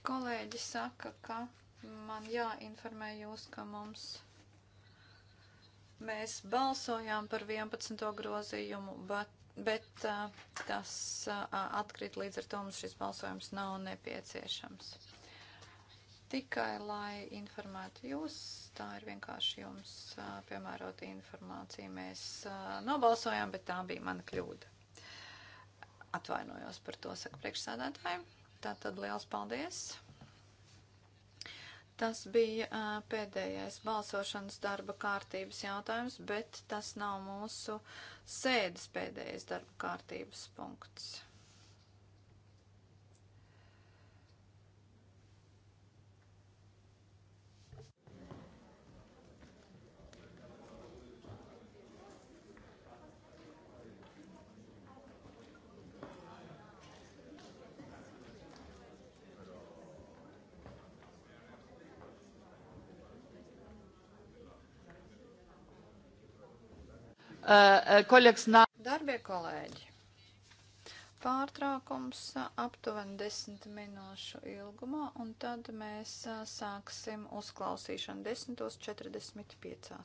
Kolēģi saka, ka man jāinformē jūs, ka mums mēs balsojām par 11. grozījumu, bet bet uh, tas uh, atkrīt līdz ar to mums šis balsojums nav nepieciešams. Tikai, lai informētu jūs, tā ir vienkārši jums uh, piemērota informācija. Mēs nobalsojām, bet tā bija mana kļūda. Atvainojos par to, saka priekšsēdētāji. Tātad liels paldies! Tas bija uh, pēdējais balsošanas darba kārtības jautājums, bet tas nav mūsu sēdes pēdējais darba kārtības punkts. kolēģis nāk. Darbie kolēģi, pārtraukums aptuveni desmit minūšu ilgumā, un tad mēs sāksim uzklausīšanu 10.45.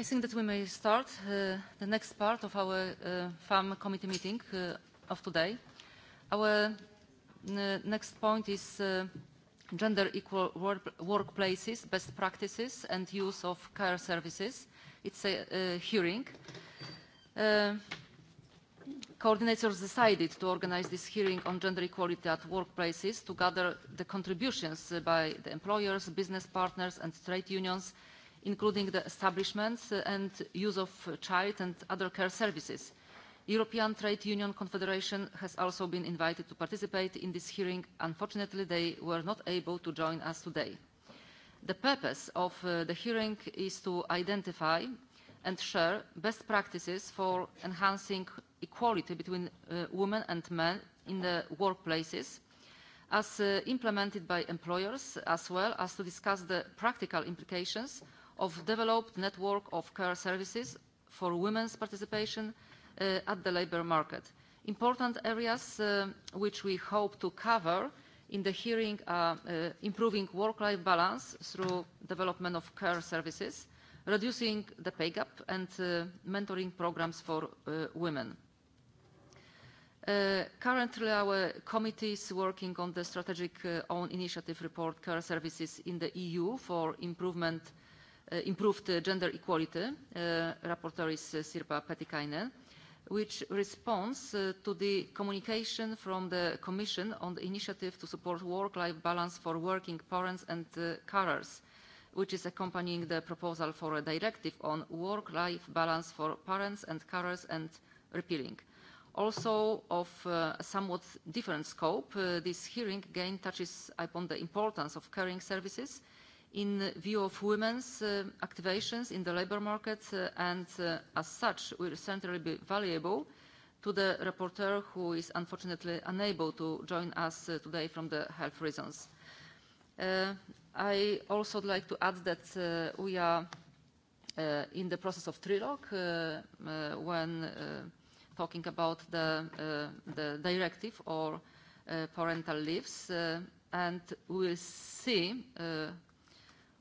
I think that we may start uh, the next part of our uh, FAM committee meeting uh, of today. Our uh, next point is uh, gender equal work workplaces, best practices and use of care services. It's a, a hearing. Uh, coordinators decided to organize this hearing on gender equality at workplaces to gather the contributions by the employers, business partners and trade unions uh, including the establishment and use of child and other care services. the european trade union confederation has also been invited to participate in this hearing. unfortunately they were not able to join us today. the purpose of uh, the hearing is to identify and share best practices for enhancing equality between uh, women and men in the workplaces as uh, implemented by employers as well as to discuss the practical implications of developed network of care services for women's participation uh, at the labour market. Important areas uh, which we hope to cover in the hearing are uh, improving work-life balance through development of care services, reducing the pay gap and uh, mentoring programs for uh, women. Uh, currently, our committee is working on the strategic uh, own initiative report Care Services in the EU for Improvement uh, improved uh, gender equality, uh, rapporteur is uh, Sirpa Petikainen, which responds uh, to the communication from the Commission on the initiative to support work-life balance for working parents and uh, carers, which is accompanying the proposal for a directive on work-life balance for parents and carers and repealing. Also of uh, a somewhat different scope, uh, this hearing again touches upon the importance of caring services uh, in view of women's uh, activations in the labour market uh, and uh, as such will certainly be valuable to the rapporteur who is unfortunately unable to join us uh, today from the health reasons. Uh, I also would like to add that uh, we are uh, in the process of trilogue uh, uh, when uh, talking about the, uh, the directive or uh, parental leaves uh, and we will see uh,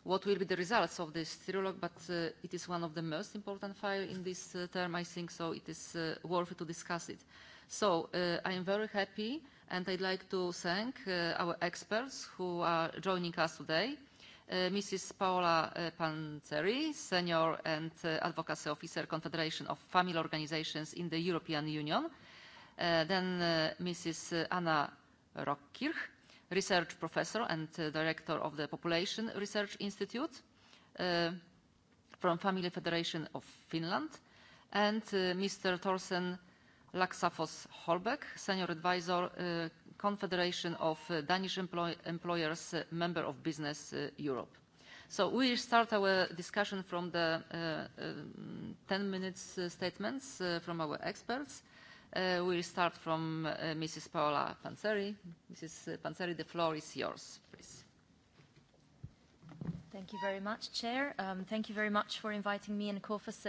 what will be the results of this trilogue, but uh, it is one of the most important file in this uh, term, I think, so it is uh, worth to discuss it. So uh, I am very happy and I'd like to thank uh, our experts who are joining us today. Uh, Mrs. Paola uh, Panzeri, Senior and uh, Advocacy Officer, Confederation of Family Organizations in the European Union. Uh, then uh, Mrs. Anna Rockkirch, research professor and uh, director of the Population Research Institute uh, from Family Federation of Finland, and uh, Mr. Torsen Laxafos Holbeck, senior advisor, uh, Confederation of uh, Danish Employ Employers, uh, member of Business uh, Europe. So we start our discussion from the uh, uh, um, 10 minutes uh, statements uh, from our experts. Uh, Uh, we'll start from uh, Mrs. Paola Panzeri. Mrs. Uh, Panzeri, the floor is yours, please. Thank you very much, Chair. Um, thank you very much for inviting me and COFASE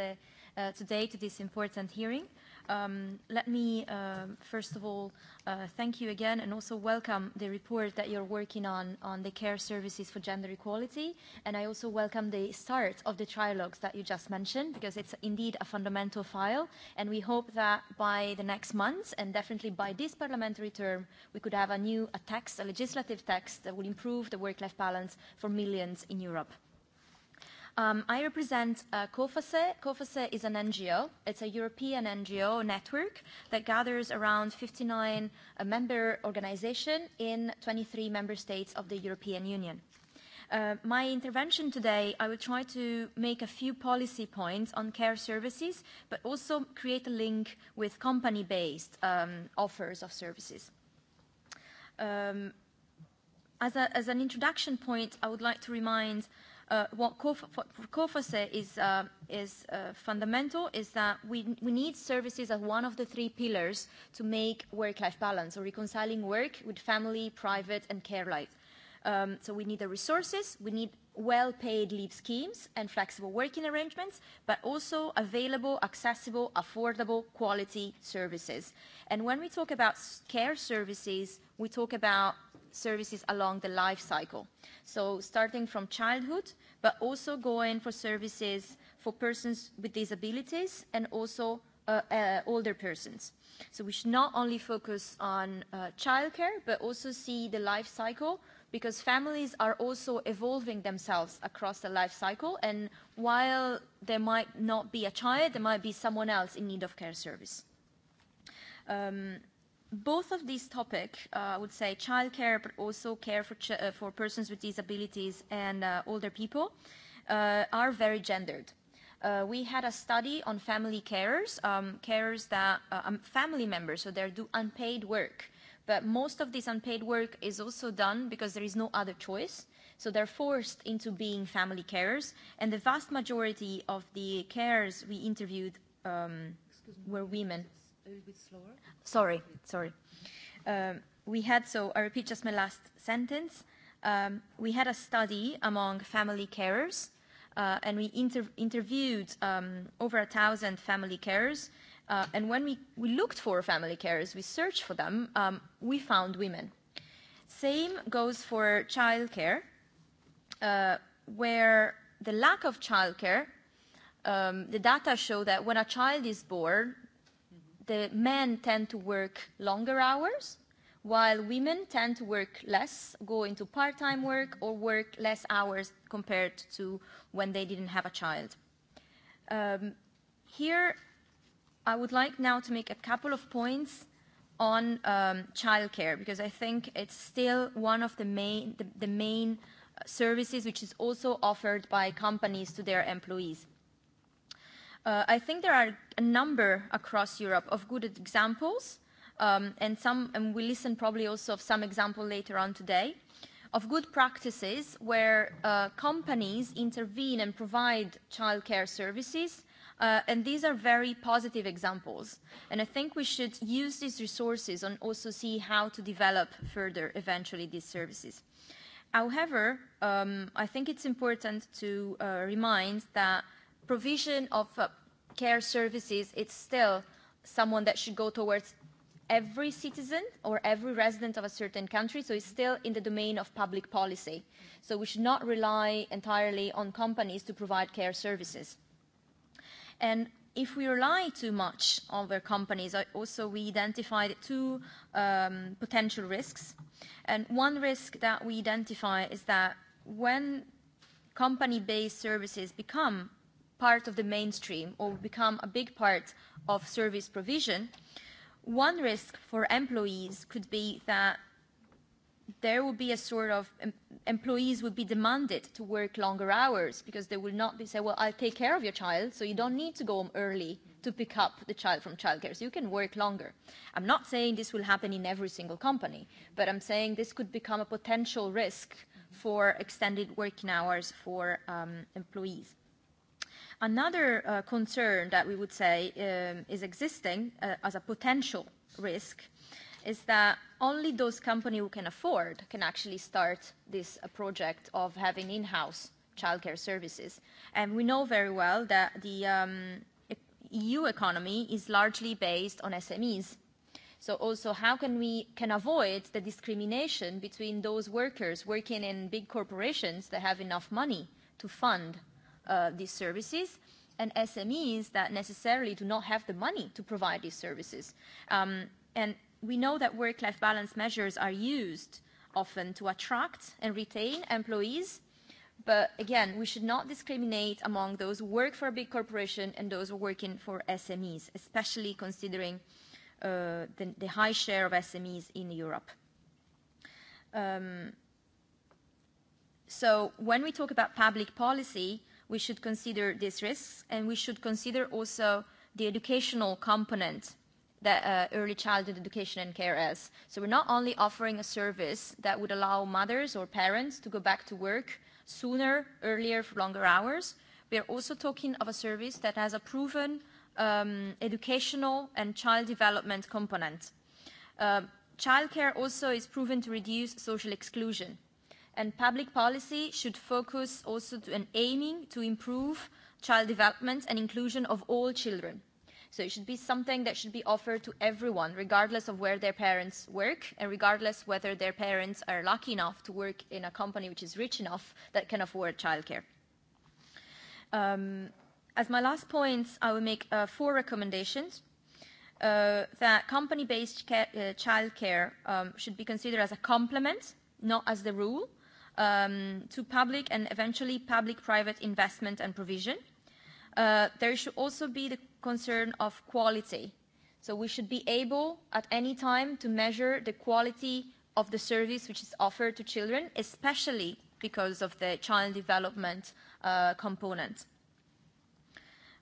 uh, uh, today to this important hearing. Uh, um, let me, uh, first of all, uh, thank you again and also welcome the report that you're working on, on the care services for gender equality. And I also welcome the start of the trilogues that you just mentioned, because it's indeed a fundamental file. And we hope that by the next months, and definitely by this parliamentary term, we could have a new a text, a legislative text that will improve the work-life balance for millions in Europe. Um, I represent uh, COFASE. COFASE is an NGO. It's a European NGO network that gathers around 59 uh, member organizations in 23 member states of the European Union. Uh, my intervention today, I will try to make a few policy points on care services, but also create a link with company-based um, offers of services. Um, as, a, as an introduction point, I would like to remind uh, uh, what COFASE is, uh, is uh, fundamental is that we, we need services as one of the three pillars to make work-life balance or reconciling work with family, private and care life. Um, so we need the resources, we need well-paid leave schemes and flexible working arrangements, but also available, accessible, affordable, quality services. And when we talk about care services, we talk about services along the life cycle. So starting from childhood, but also going for services for persons with disabilities and also uh, uh, older persons. So we should not only focus on uh, childcare, but also see the life cycle because families are also evolving themselves across the life cycle. And while there might not be a child, there might be someone else in need of care service. Um, both of these topics, uh, I would say childcare, but also care for, ch- uh, for persons with disabilities and uh, older people, uh, are very gendered. Uh, we had a study on family carers, um, carers that uh, um, family members, so they do unpaid work. But most of this unpaid work is also done because there is no other choice. So they're forced into being family carers. And the vast majority of the carers we interviewed um, were women. It's A little bit slower. Sorry, sorry. Um, we had, so I repeat just my last sentence. Um, we had a study among family carers, uh, and we inter interviewed um, over a thousand family carers. Uh, and when we, we looked for family carers, we searched for them, um, we found women. Same goes for childcare, uh, where the lack of childcare, um, the data show that when a child is born, the men tend to work longer hours, while women tend to work less, go into part-time work or work less hours compared to when they didn't have a child. Um, here, I would like now to make a couple of points on um, childcare because I think it's still one of the main, the, the main uh, services which is also offered by companies to their employees. Uh, I think there are a number across Europe of good examples, um, and some, and we listen probably also of some example later on today, of good practices where uh, companies intervene and provide childcare services. Uh, and these are very positive examples. And I think we should use these resources and also see how to develop further eventually these services. However, um, I think it's important to uh, remind that uh, provision of uh, care services, it's still someone that should go towards every citizen or every resident of a certain country, so it's still in the domain of public policy. So we should not rely entirely on companies to provide care services. And if we rely too much on their companies, uh, also we identified two um, potential risks. And one risk that we identify is that when company-based services become part of the mainstream or become a big part of service provision, one risk for employees could be that there will be a sort of em employees would be demanded to work longer hours because they will not be say, well, I'll take care of your child, so you don't need to go home early to pick up the child from childcare, so you can work longer. I'm not saying this will happen in every single company, but I'm saying this could become a potential risk for extended working hours for um, employees. Another uh, concern that we would say um, is existing uh, as a potential risk is that only those companies who can afford can actually start this uh, project of having in-house childcare services. And we know very well that the um, EU e economy is largely based on SMEs. So also how can we can avoid the discrimination between those workers working in big corporations that have enough money to fund uh, these services and SMEs that necessarily do not have the money to provide these services. Um, and we know that work-life balance measures are used often to attract and retain employees but again, we should not discriminate among those who work for a big corporation and those who are working for SMEs, especially considering uh, the, the high share of SMEs in Europe. Um, so when we talk about public policy, we should consider these risks and we should consider also the educational component that uh, early childhood education and care as. So we're not only offering a service that would allow mothers or parents to go back to work sooner, earlier, for longer hours, we are also talking of a service that has a proven um, educational and child development component. Uh, childcare also is proven to reduce social exclusion and public policy should focus also to an aiming to improve child development and inclusion of all children. So it should be something that should be offered to everyone, regardless of where their parents work and regardless whether their parents are lucky enough to work in a company which is rich enough that can afford childcare. Um, as my last points, I will make uh, four recommendations. Uh, that company-based ca- uh, childcare um, should be considered as a complement, not as the rule um, to public and eventually public-private investment and provision. Uh, there should also be the concern of quality. So we should be able at any time to measure the quality of the service which is offered to children, especially because of the child development uh, component.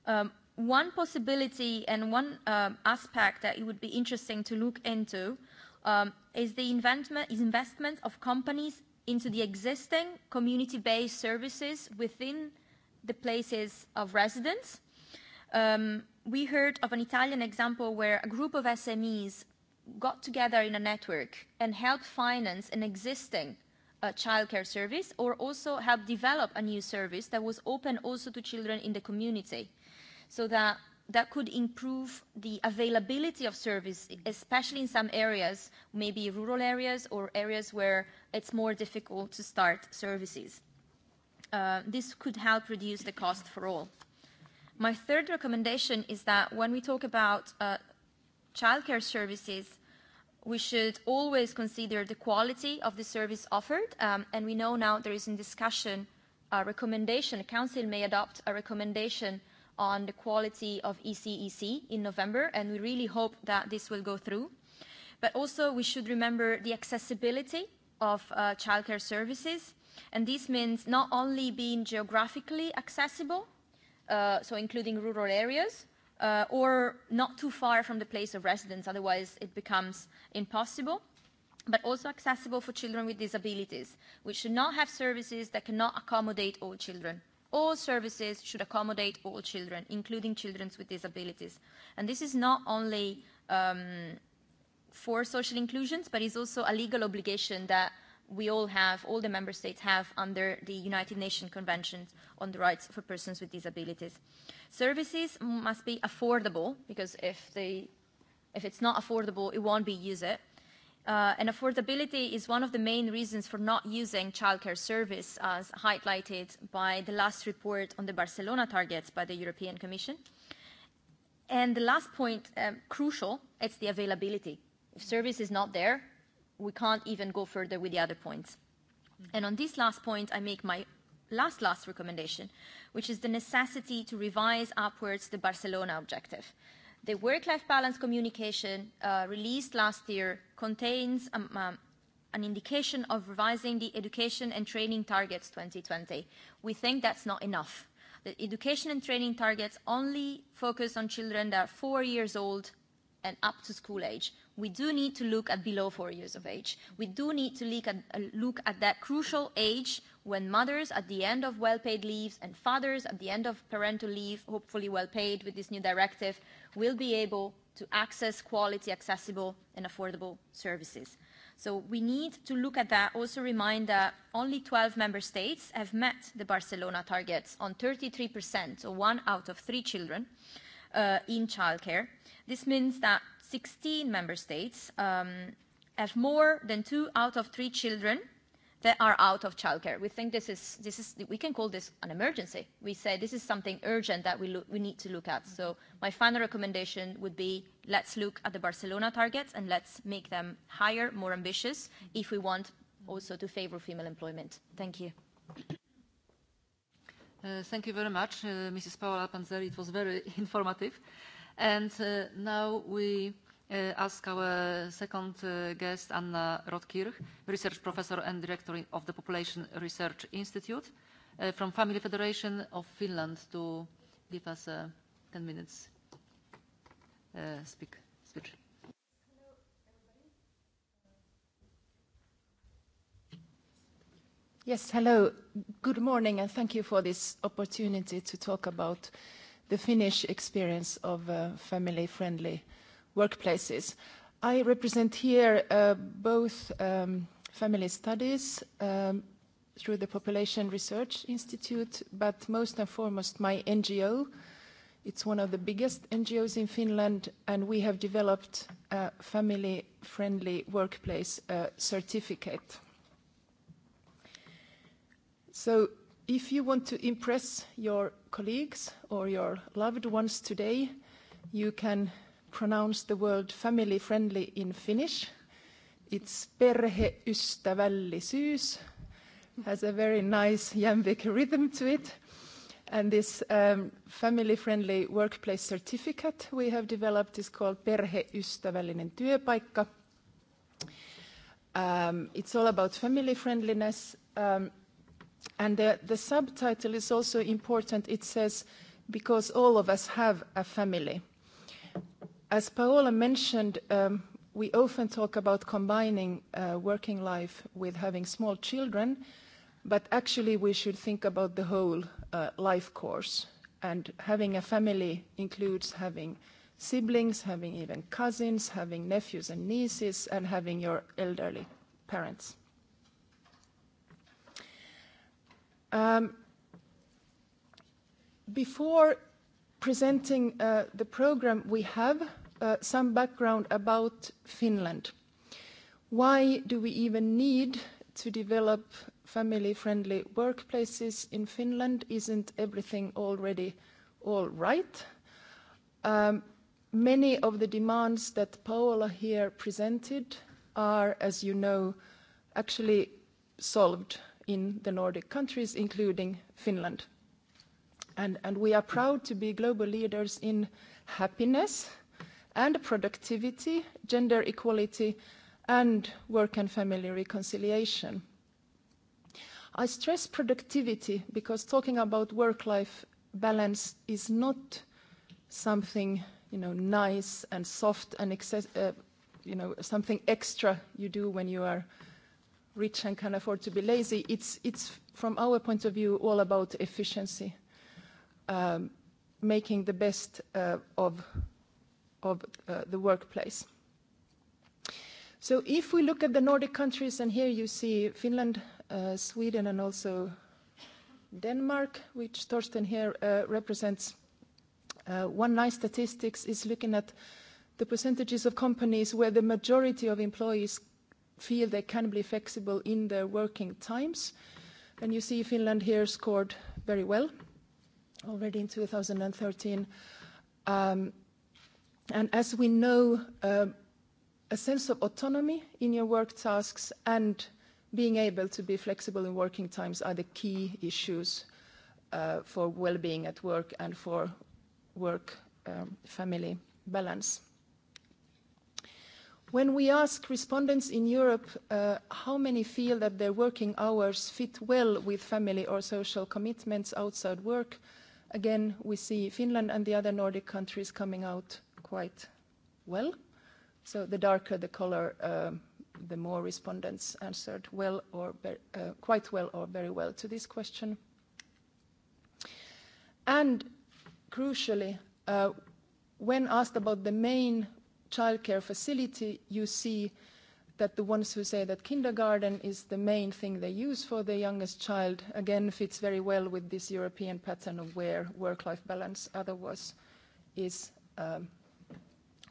Um, one possibility and one um, aspect that it would be interesting to look into um, is the investment, is investment of companies into the existing community-based services within the places of residence. Um, we heard of an Italian example where a group of SMEs got together in a network and helped finance an existing uh, childcare service or also helped develop a new service that was open also to children in the community so that that could improve the availability of service, especially in some areas, maybe rural areas or areas where it's more difficult to start services. Uh, this could help reduce the cost for all. My third recommendation is that when we talk about uh, childcare services, we should always consider the quality of the service offered, um, and we know now there is in discussion a recommendation, a council may adopt a recommendation uh, on the quality of ECEC e in November, and we really hope that this will go through. But also, we should remember the accessibility of uh, childcare services, and this means not only being geographically accessible, uh, so including rural areas, uh, or not too far from the place of residence, otherwise it becomes impossible, but also accessible for children with disabilities, which should not have services that cannot accommodate all children. All services should accommodate all children, including children with disabilities. And this is not only um, for social inclusions, but is also a legal obligation that we all have, all the member states have under the United Nations Convention on the Rights for Persons with Disabilities. Services must be affordable, because if, they, if it's not affordable, it won't be used. It. Uh, and affordability is one of the main reasons for not using childcare service, as highlighted by the last report on the Barcelona targets by the European Commission. And the last point, um, crucial, it's the availability. If service is not there, we can't even go further with the other points. Mm-hmm. And on this last point, I make my last, last recommendation, which is the necessity to revise upwards the Barcelona objective. Uh, The work-life balance communication uh, released last year contains um, um, an indication of revising the education and training targets 2020. We think that's not enough. The education and training targets only focus on children that are four years old and up to school age. We do need to look at below four years of age. We do need to look at, uh, look at that crucial age when mothers at the end of well-paid leaves and fathers at the end of parental leave, hopefully well-paid with this new directive, will be able to access quality, accessible and affordable services. So we need to look at that, also remind that only 12 member states have met the Barcelona targets on 33%, so one out of three children uh, in childcare. This means that 16 member states um, have more than two out of three children that are out of childcare. We think this is, this is we can call this an emergency. We say this is something urgent that we, look, we need to look at. So my final recommendation would be let's look at the Barcelona targets and let's make them higher, more ambitious, if we want also to favor female employment. Thank you. Uh, thank you very much, uh, Mrs. Paola Panzeri. It was very informative. And uh, now we uh, e, ask our second uh, guest, Anna Rotkirch, research professor and director of the Population Research Institute uh, from Family Federation of Finland, to give us uh, e, 10 minutes uh, speak, speech. Yes, hello. Good morning, and thank you for this opportunity to talk about the Finnish experience of uh, family-friendly uh, workplaces. I represent here uh, both um, family studies um, through the Population Research Institute, but most and foremost my NGO. It's one of the biggest NGOs in Finland, and we have developed a family-friendly workplace uh, certificate. So if you want to impress your colleagues or your loved ones today, you can pronounce the word family friendly in Finnish. It's perheystävällisyys. Has a very nice Jamvik rhythm to it. And this um, family-friendly workplace certificate we have developed is called Perheystävällinen työpaikka. Um, it's all about family friendliness. Um, and the, the subtitle is also important. It says, because all of us have a family. As Paola mentioned, um, we often talk about combining uh, working life with having small children, but actually we should think about the whole uh, life course. And having a family includes having siblings, having even cousins, having nephews and nieces, and having your elderly parents. Um, before presenting uh, the program we have, uh, some background about Finland. Why do we even need to develop family-friendly workplaces in Finland? Isn't everything already all right? Um, many of the demands that Paola here presented are, as you know, actually solved in the Nordic countries, including Finland and, and we are proud to be global leaders in happiness and productivity, gender equality, and work and family reconciliation. I stress productivity because talking about work-life balance is not something, you know, nice and soft and excess, uh, you know, something extra you do when you are rich and can afford to be lazy. It's, it's from our point of view, all about efficiency um, making the best uh, of, of uh, the workplace. So if we look at the Nordic countries, and here you see Finland, uh, Sweden, and also Denmark, which Torsten here uh, represents. Uh, one nice statistics is looking at the percentages of companies where the majority of employees feel they can be flexible in their working times. And you see Finland here scored very well already in 2013. Um, and as we know, uh, a sense of autonomy in your work tasks and being able to be flexible in working times are the key issues uh, for well-being at work and for work-family um, balance. When we ask respondents in Europe uh, how many feel that their working hours fit well with family or social commitments outside work, uh, Again, we see Finland and the other Nordic countries coming out quite well. So the darker the color, um, the more respondents answered well or uh, quite well or very well to this question. And crucially, uh, when asked about the main childcare facility, you see that the ones who say that kindergarten is the main thing they use for their youngest child, again, fits very well with this European pattern of where work-life balance otherwise is um,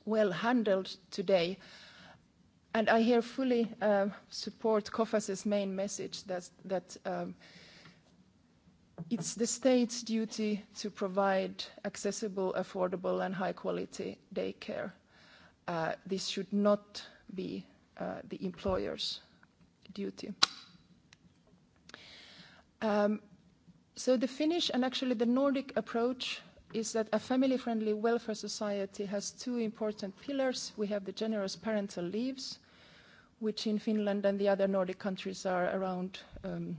well handled today. And I here fully uh, support COFAS's main message that, that um, it's the state's duty to provide accessible, affordable and high quality daycare. Uh, this should not be uh, the employer's duty. Um, so the Finnish and actually the Nordic approach is that a family-friendly welfare society has two important pillars. We have the generous parental leaves, which in Finland and the other Nordic countries are around um,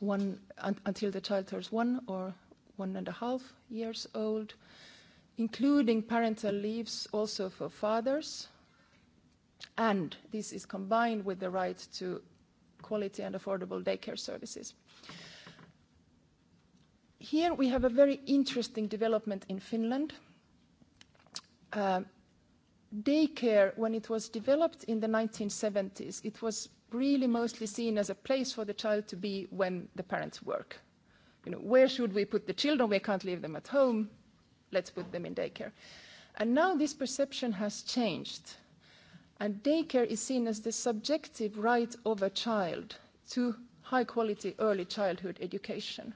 one un until the child turns one or one and a half years old, including parental leaves also for fathers, and this is combined with the right to quality and affordable daycare services. Here we have a very interesting development in Finland. Uh, daycare, when it was developed in the 1970s, it was really mostly seen as a place for the child to be when the parents work. You know, where should we put the children? We can't leave them at home. Let's put them in daycare. And now this perception has changed And daycare is seen as the subjective right of a child to high quality early childhood education.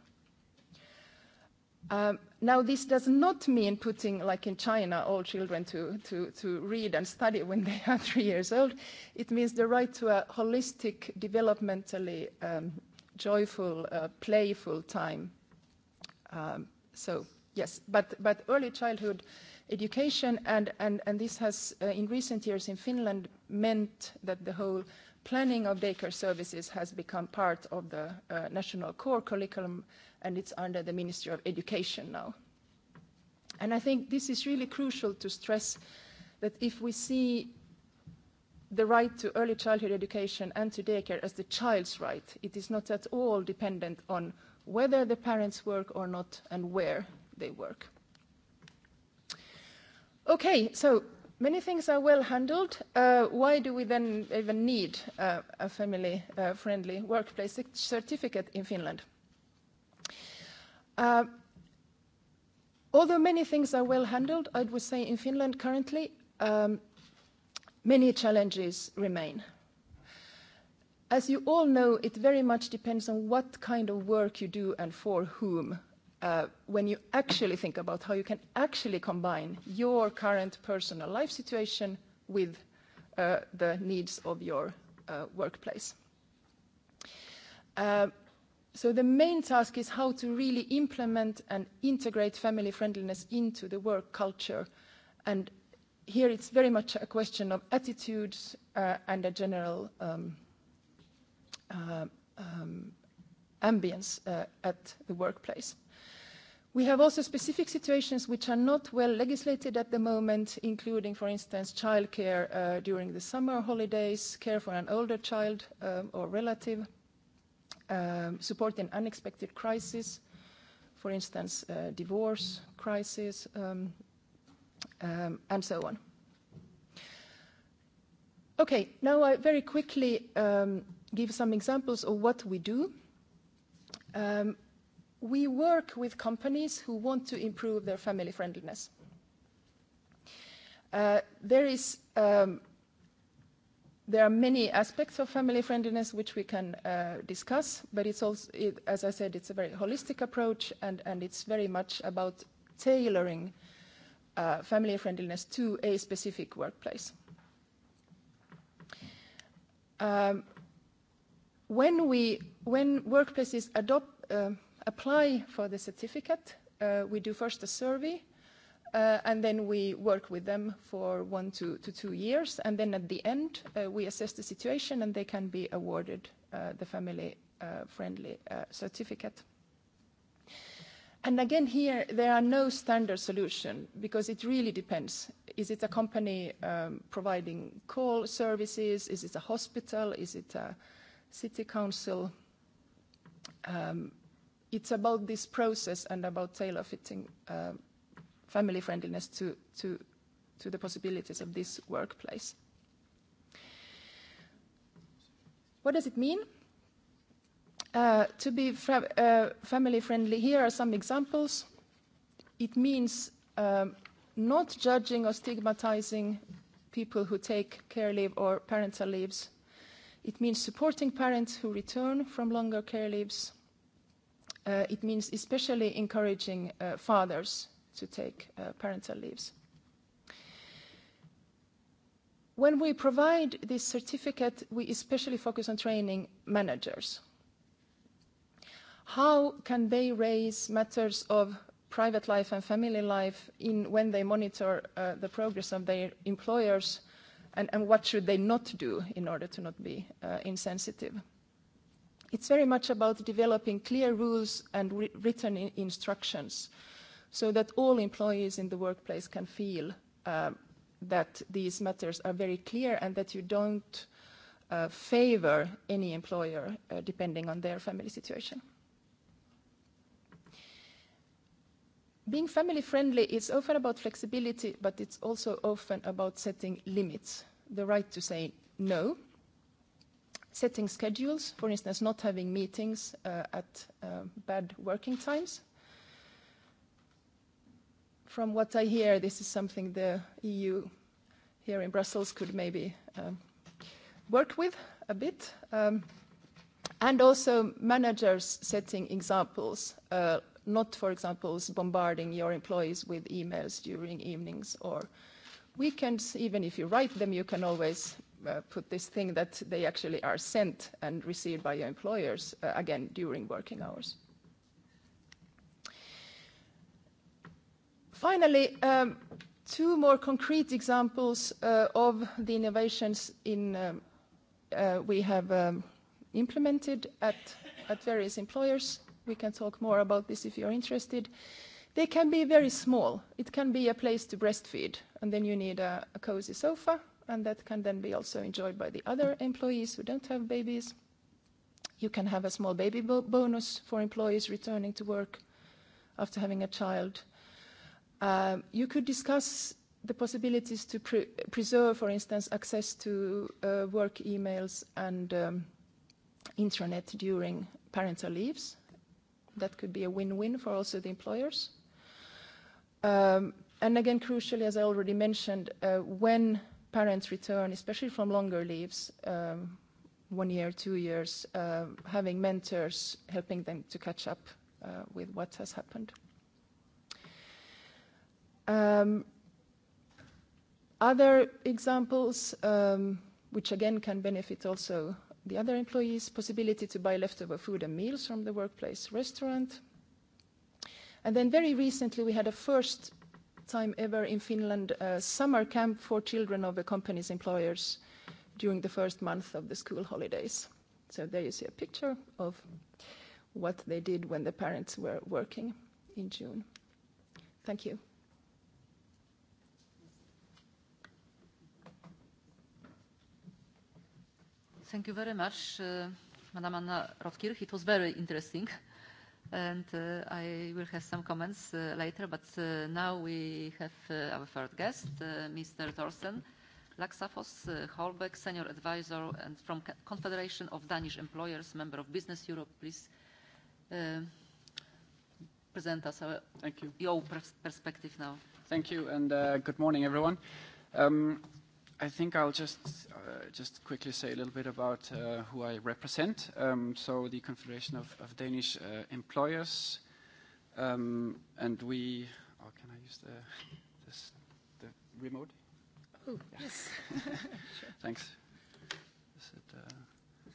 Um, now, this does not mean putting, like in China, all children to, to, to read and study when they are three years old. It means the right to a holistic, developmentally um, joyful, uh, playful time. Um, so, yes, but, but early childhood uh, education, and, and, and this has, uh, in recent years in Finland, meant that the whole planning of daycare services has become part of the uh, national core curriculum, and it's under the Ministry of Education now. And I think this is really crucial to stress that if we see the right to early childhood education and to daycare as the child's right, it is not at all dependent on whether the parents work or not and where they work. Okay, so many things are well handled. Uh, why do we then even need uh, a family-friendly uh, workplace certificate in Finland? Uh, although many things are well handled, I would say in Finland currently, um, many challenges remain. As you all know, it very much depends on what kind of work you do and for whom uh, when you actually think about how you can actually combine your current personal life situation with uh, the needs of your uh, workplace. Uh, so the main task is how to really implement and integrate family friendliness into the work culture. And here it's very much a question of attitudes uh, and a general um, uh, um, ambience uh, at the workplace. We have also specific situations which are not well legislated at the moment, including, for instance, childcare uh, during the summer holidays, care for an older child um, or relative, um, support in unexpected crisis, for instance, uh, divorce crisis, um, um, and so on. Okay, now I very quickly um, give some examples of what we do. Um, we work with companies who want to improve their family friendliness. Uh, there, is, um, there are many aspects of family friendliness which we can uh, discuss, but it's also, it, as I said, it's a very holistic approach, and, and it's very much about tailoring uh, family friendliness to a specific workplace. Um, when, we, when workplaces adopt, um, apply for the certificate, uh, we do first a survey, uh, and then we work with them for one to, to two years. And then at the end, uh, we assess the situation, and they can be awarded uh, the family-friendly uh, uh, certificate. And again, here, there are no standard solution because it really depends. Is it a company um, providing call services? Is it a hospital? Is it a city council? Um, it's about this process and about tailor-fitting uh, family friendliness to, to, to the possibilities of this workplace. What does it mean? Uh, to be uh, family friendly, here are some examples. It means um, not judging or stigmatizing people who take care leave or parental leaves. It means supporting parents who return from longer care leaves uh, it means especially encouraging uh, fathers to take uh, parental leaves. When we provide this certificate, we especially focus on training managers. How can they raise matters of private life and family life in when they monitor uh, the progress of their employers, and, and what should they not do in order to not be uh, insensitive? It's very much about developing clear rules and written instructions so that all employees in the workplace can feel uh, that these matters are very clear and that you don't uh, favor any employer uh, depending on their family situation. Being family friendly is often about flexibility, but it's also often about setting limits, the right to say no setting schedules, for instance, not having meetings uh, at uh, bad working times. From what I hear, this is something the EU here in Brussels could maybe um, work with a bit. Um, and also managers setting examples, uh, not, for example, bombarding your employees with emails during evenings or weekends. Even if you write them, you can always uh, put this thing that they actually are sent and received by your employers, uh, again, during working hours. Finally, um, two more concrete examples uh, of the innovations in, um, uh, we have um, implemented at, at various employers. We can talk more about this if you're interested. They can be very small. It can be a place to breastfeed, and then you need a, a cozy sofa and that can then be also enjoyed by the other employees who don't have babies. You can have a small baby bo bonus for employees returning to work after having a child. Um, you could discuss the possibilities to pre preserve, for instance, access to uh, work emails and um, intranet during parental leaves. That could be a win-win for also the employers. Um, and again, crucially, as I already mentioned, uh, when parents return, especially from longer leaves, um, one year, two years, uh, having mentors helping them to catch up uh, with what has happened. Um, other examples, um, which again can benefit also the other employees, possibility to buy leftover food and meals from the workplace restaurant. And then very recently we had a first time ever in Finland a summer camp for children of the company's employers during the first month of the school holidays. So there you see a picture of what they did when the parents were working in June. Thank you. Thank you very much, uh, Madam Anna Rotkirch. It was very interesting and uh, I will have some comments uh, later, but uh, now we have uh, our third guest, uh, Mr. Thorsten Laxafos uh, Holbeck, Senior Advisor and from C Confederation of Danish Employers, Member of Business Europe. Please uh, present us our, Thank you. your pers perspective now. Thank you, and uh, good morning, everyone. Um, I think I'll just uh, just quickly say a little bit about uh, who I represent. Um, so the Confederation of, of Danish uh, Employers, um, and we. Oh, can I use the this the remote? Oh yeah. yes. sure. Thanks. Is it, uh,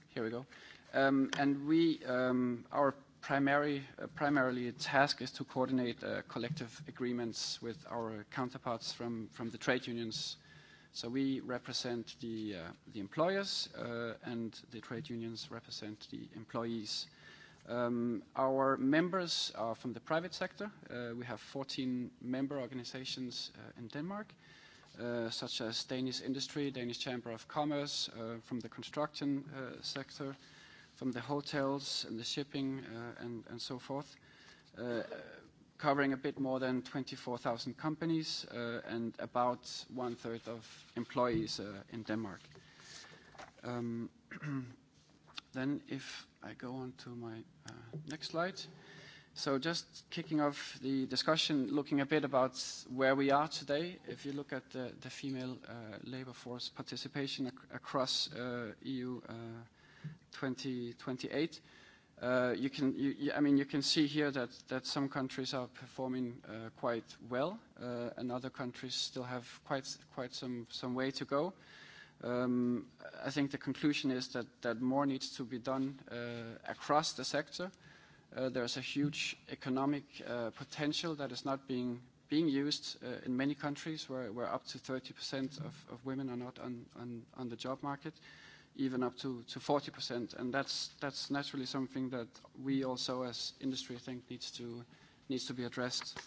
here we go. Um, and we um, our primary uh, primarily task is to coordinate uh, collective agreements with our counterparts from from the trade unions So we represent the, uh, the employers, uh, and the trade unions represent the employees. Um, our members are from the private sector. Uh, we have 14 member organizations uh, in Denmark, uh, such as Danish Industry, Danish Chamber of Commerce, uh, from the construction uh, sector, from the hotels and the shipping, uh, and, and so forth. Uh, covering a bit more than 24,000 companies uh, and about one-third of employees uh, in Denmark. Um, then if I go on to my uh, next slide. So just kicking off the discussion, looking a bit about where we are today. If you look at the, the female uh, labor force participation ac across uh, EU uh, 2028, 20, Uh, you can, you, you, I mean, you can see here that, that some countries are performing uh, quite well, uh, and other countries still have quite, quite some, some way to go. Um, I think the conclusion is that, that more needs to be done uh, across the sector. Uh, there's a huge economic uh, potential that is not being, being used in many countries, where, where up to 30% of, of women are not on, on, on the job market even up to, to 40%. And that's, that's naturally something that we also as industry, I think, needs to, needs to be addressed.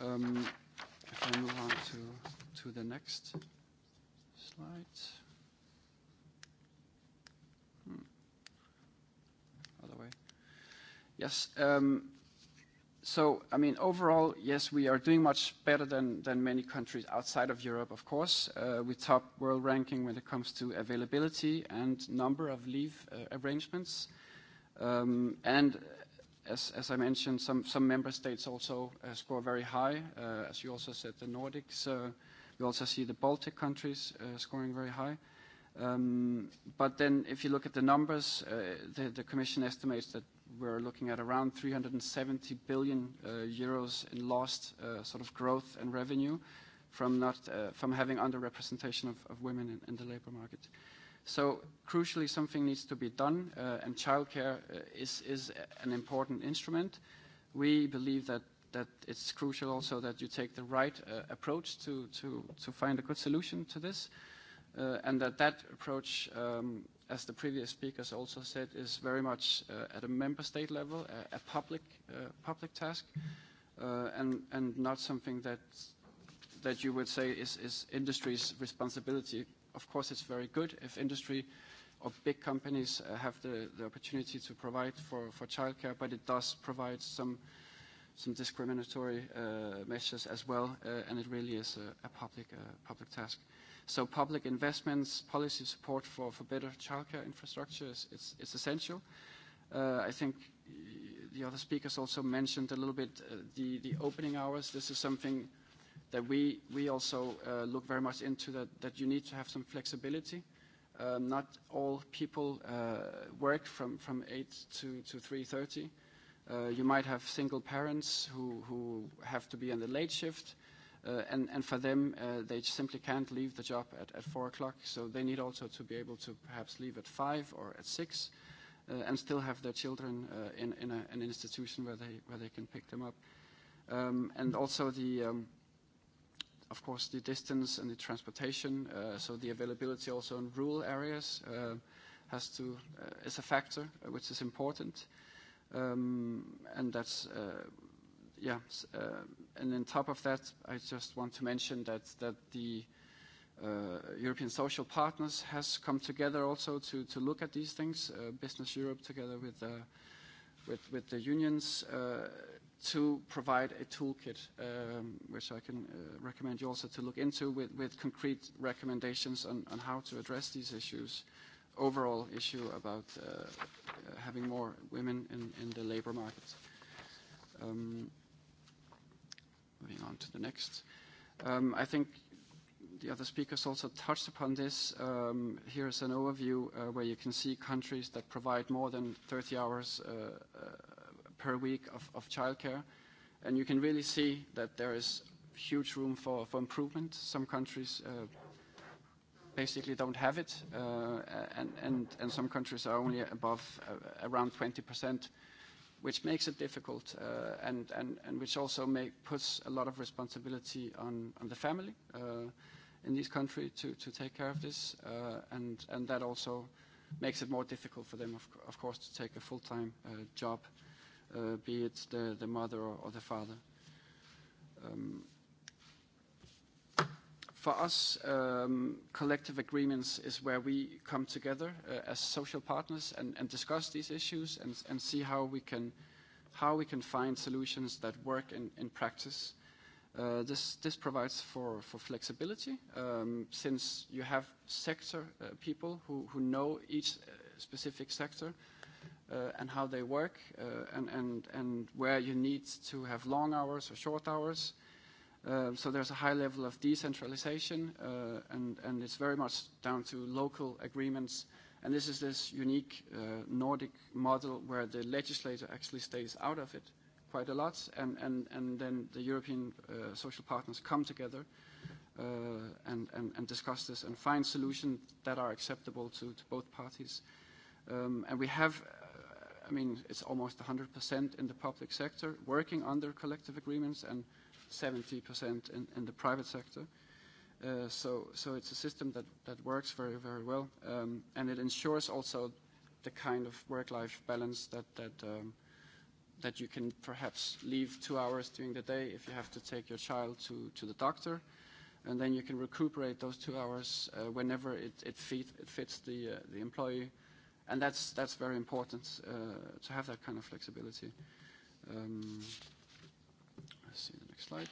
Um, if I move on to, to the next slide. Hmm. Other way. Yes. Um, So, I mean, overall, yes, we are doing much better than, than many countries outside of Europe, of course. Uh, we top world ranking when it comes to availability and number of leave uh, arrangements. Um, and as, as I mentioned, some, some member states also uh, score very high. Uh, as you also said, the Nordics. Uh, we also see the Baltic countries uh, scoring very high. Um, but then if you look at the numbers, the, the commission estimates that we're looking at around 370 billion uh, euros in lost uh, sort of growth and revenue from not uh, from having underrepresentation of, of women in, in the labor market. So crucially, something needs to be done, and childcare is, is an important instrument. We believe that, that it's crucial also that you take the right approach to, to, to find a good solution to this. Uh, and that that approach um, as the previous speakers also said, is very much uh, at a member state level, a, a public, uh, public task, uh, and, and not something that, that you would say is, is industry's responsibility. Of course, it's very good if industry or big companies uh, have the, the opportunity to provide for, for childcare, but it does provide some, some discriminatory uh, measures as well, uh, and it really is a, a public, uh, public task. Uh, So public investments, policy support for, for better childcare infrastructure is, is, is essential. Uh, I think the other speakers also mentioned a little bit uh, the, the opening hours. This is something that we, we also uh, look very much into, that, that you need to have some flexibility. Um, not all people uh, work from, from 8 to, to 3:30. Uh, you might have single parents who, who have to be on the late shift. Uh, and, and for them, uh, they simply can't leave the job at, at 4 o'clock, so they need also to be able to perhaps leave at 5 or at 6 uh, and still have their children uh, in, in a, an institution where they, where they can pick them up. Um, and also the, um, of course, the distance and the transportation, uh, so the availability also in rural areas uh, has to, uh, is a factor uh, which is important. Um, and that's uh, yeah, uh, and on top of that, I just want to mention that, that the uh, European social partners has come together also to, to look at these things, uh, Business Europe together with, with, with the unions, to provide a toolkit, um, which I can uh, recommend you also to look into with, with concrete recommendations on, on how to address these issues, overall issue about uh, having more women in, in the labor market. Um, Moving on to the next. Um, I think the other speakers also touched upon this. Um, here's an overview uh, where you can see countries that provide more than 30 hours uh, uh, per week of, of childcare. And you can really see that there is huge room for, for improvement. Some countries uh, basically don't have it, uh, and, and, and some countries are only above uh, around 20 percent. Uh, which makes it difficult uh, and, and, and which also make, puts a lot of responsibility on, on the family uh, in this country to, to take care of this. Uh, and, and that also makes it more difficult for them, of, of course, to take a full-time uh, job, uh, be it the, the mother or, or the father. Um, For us, um, collective agreements is where we come together uh, as social partners and, and discuss these issues and, and see how we can, how we can find solutions that work in, in practice. Uh, this, this provides for, for flexibility, um, since you have sector uh, people who, who know each uh, specific sector, Uh, and how they work uh, and, and, and where you need to have long hours or short hours. Uh, so there's a high level of decentralization, uh, and, and it's very much down to local agreements. And this is this unique uh, Nordic model where the legislator actually stays out of it quite a lot, and, and, and then the European uh, social partners come together uh, and, and, and discuss this and find solutions that are acceptable to, to both parties. Um, and we have uh, I mean, it's almost 100% in the public sector working under collective agreements, and uh, 70% in, in the private sector. Uh, so, so it's a system that, that works very, very well, um, and it ensures also the kind of work-life balance that that um, that you can perhaps leave two hours during the day if you have to take your child to, to the doctor, and then you can recuperate those two hours uh, whenever it, it, fit, it fits the, uh, the employee. And that's, that's very important uh, to have that kind of flexibility. Um, let's see. Next slide.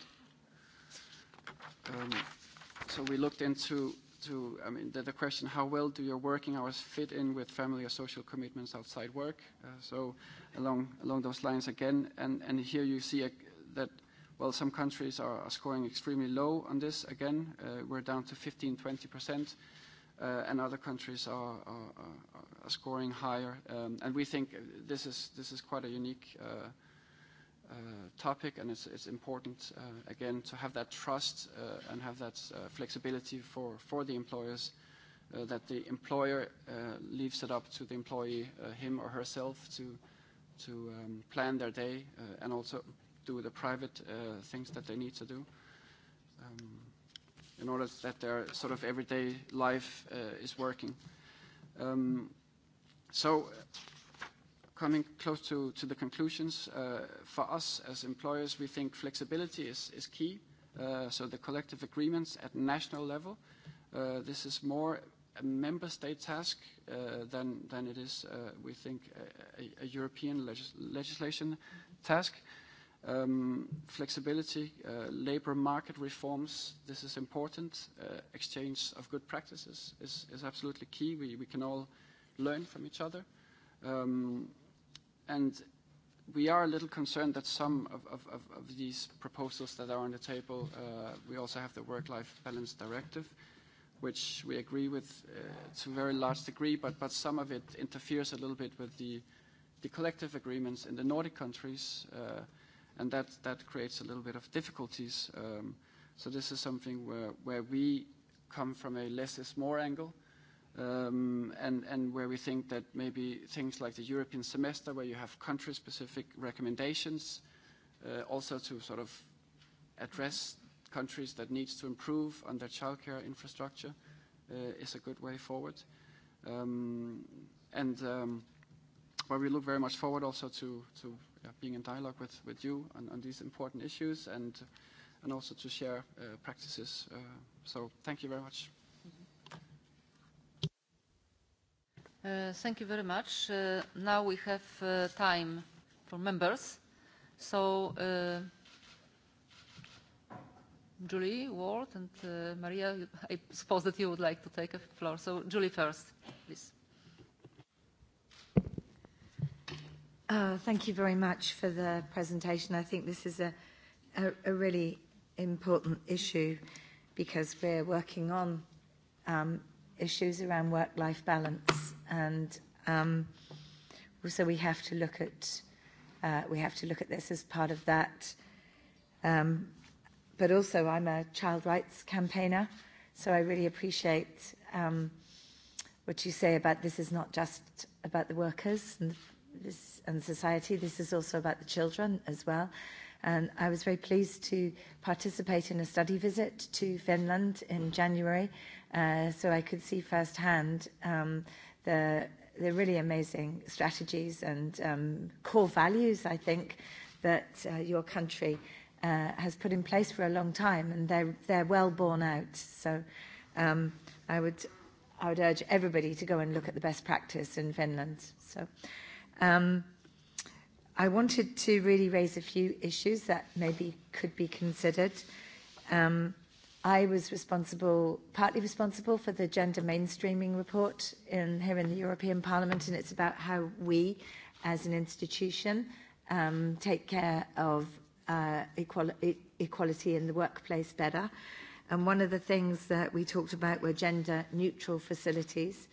Um, so we looked into to, I mean, the, the question, how well do your working hours fit in with family or social commitments outside work? Uh, so along, along those lines again, and, and here you see a, uh, that, well, some countries are, are scoring extremely low on this again. Uh, we're down to 15, 20%, uh, and other countries are, are, are, are scoring higher. Um, and we think this is, this is quite a unique uh, uh, topic, and it's, it's important, uh, again, to have that trust uh, and have that uh, flexibility for, for the employers, uh, that the employer uh, leaves it up to the employee, uh, him or herself, to, to um, plan their day uh, and also do the private uh, things that they need to do. Um, in order that their sort of everyday life uh, is working. Um, so coming close to, to the conclusions, uh, for us as employers, we think flexibility is, is key. Uh, so the collective agreements at national level, uh, this is more a member state task uh, than, than it is, uh, we think, a, a European legis legislation task. Um, flexibility, uh, labor market reforms, this is important. Uh, exchange of good practices is, is absolutely key. We, we can all learn from each other. Um, And we are a little concerned that some of, of, of these proposals that are on the table, uh, we also have the Work-Life Balance Directive, which we agree with uh, to a very large degree, but, but some of it interferes a little bit with the, the collective agreements in the Nordic countries, uh, and that, that creates a little bit of difficulties. Um, so this is something where, where we come from a less is more angle, uh, um, and, and where we think that maybe things like the European semester, where you have country-specific recommendations, uh, also to sort of address countries that needs to improve on their childcare infrastructure, uh, is a good way forward. Um, and um, where we look very much forward also to, to yeah, being in dialogue with, with you on, on these important issues and, and also to share uh, practices. Uh, so thank you very much. Uh, thank you very much. Uh, now we have uh, time for members. So, uh, Julie Ward and uh, Maria, I suppose that you would like to take a floor. So, Julie first, please. Uh, thank you very much for the presentation. I think this is a, a, a really important issue because we're working on um, issues around work-life balance and um, so we have to look at uh, we have to look at this as part of that. Um, but also, I'm a child rights campaigner, so I really appreciate um, what you say about this is not just about the workers and this and society. This is also about the children as well. And I was very pleased to participate in a study visit to Finland in January, uh, so I could see firsthand um, uh, They're, they're really amazing strategies and um, core values, I think, that uh, your country uh, has put in place for a long time, and they're, they're well borne out. So um, I, would, I would urge everybody to go and look at the best practice in Finland. So um, I wanted to really raise a few issues that maybe could be considered. Um, I was responsible, partly responsible for the gender mainstreaming report in, here in the European Parliament, and it's about how we, as an institution, um, take care of uh, equal, e- equality in the workplace better. And one of the things that we talked about were gender neutral facilities.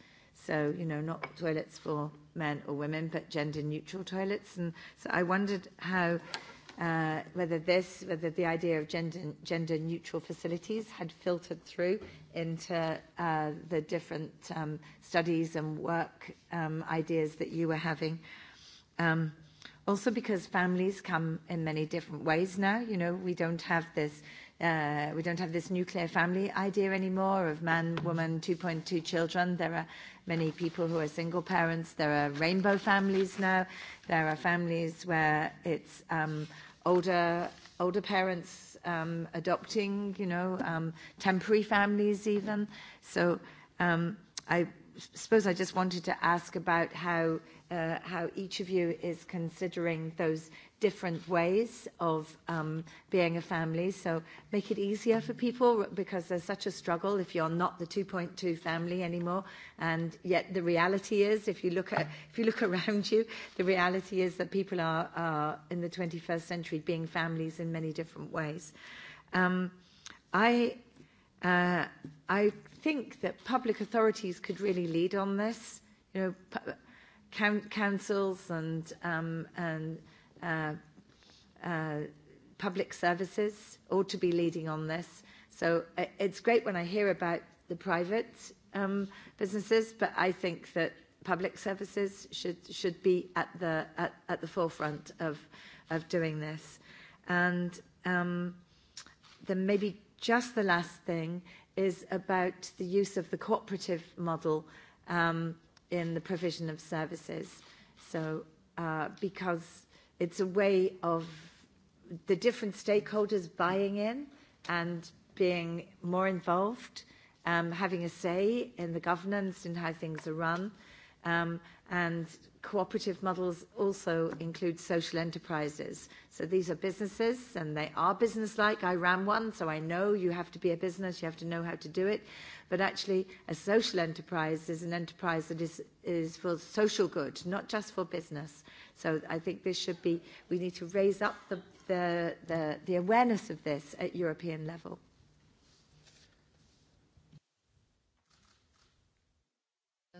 So, you know, not toilets for men or women, but gender neutral toilets. And so I wondered how uh, whether this, whether the idea of gender, gender neutral facilities had filtered through into uh, the different um, studies and work um, ideas that you were having. Um, also because families come in many different ways now. You know, we don't have this uh, we don't have this nuclear family idea anymore of man, woman, 2.2 children. There are many people who are single parents. There are rainbow families now. There are families where it's um, uh, older older parents um, adopting, you know, um, temporary families even. So um, I suppose I just wanted to ask about how uh, how each of you is considering those different ways of um, being a family. So make it easier for people because there's such a struggle if you're not the 2.2 family anymore. And yet the reality is, if you look at if you look around you, the reality is that people are, are in the 21st century being families in many different ways. Um, I. Uh, I think that public authorities could really lead on this. You know, pu- councils and, um, and uh, uh, public services ought to be leading on this. So uh, it's great when I hear about the private um, businesses, but I think that public services should should be at the at, at the forefront of of doing this. And um, then maybe just the last thing is about the use of the cooperative model. Um, in the provision of services. So, uh, because it's a way of the different stakeholders buying in and being more involved, um, having a say in the governance and how things are run, um, and cooperative models also include social enterprises. So these are businesses and they are business-like. I ran one, so I know you have to be a business, you have to know how to do it. But actually, a social enterprise is an enterprise that is, is for social good, not just for business. So I think this should be, we need to raise up the, the, the, the awareness of this at European level.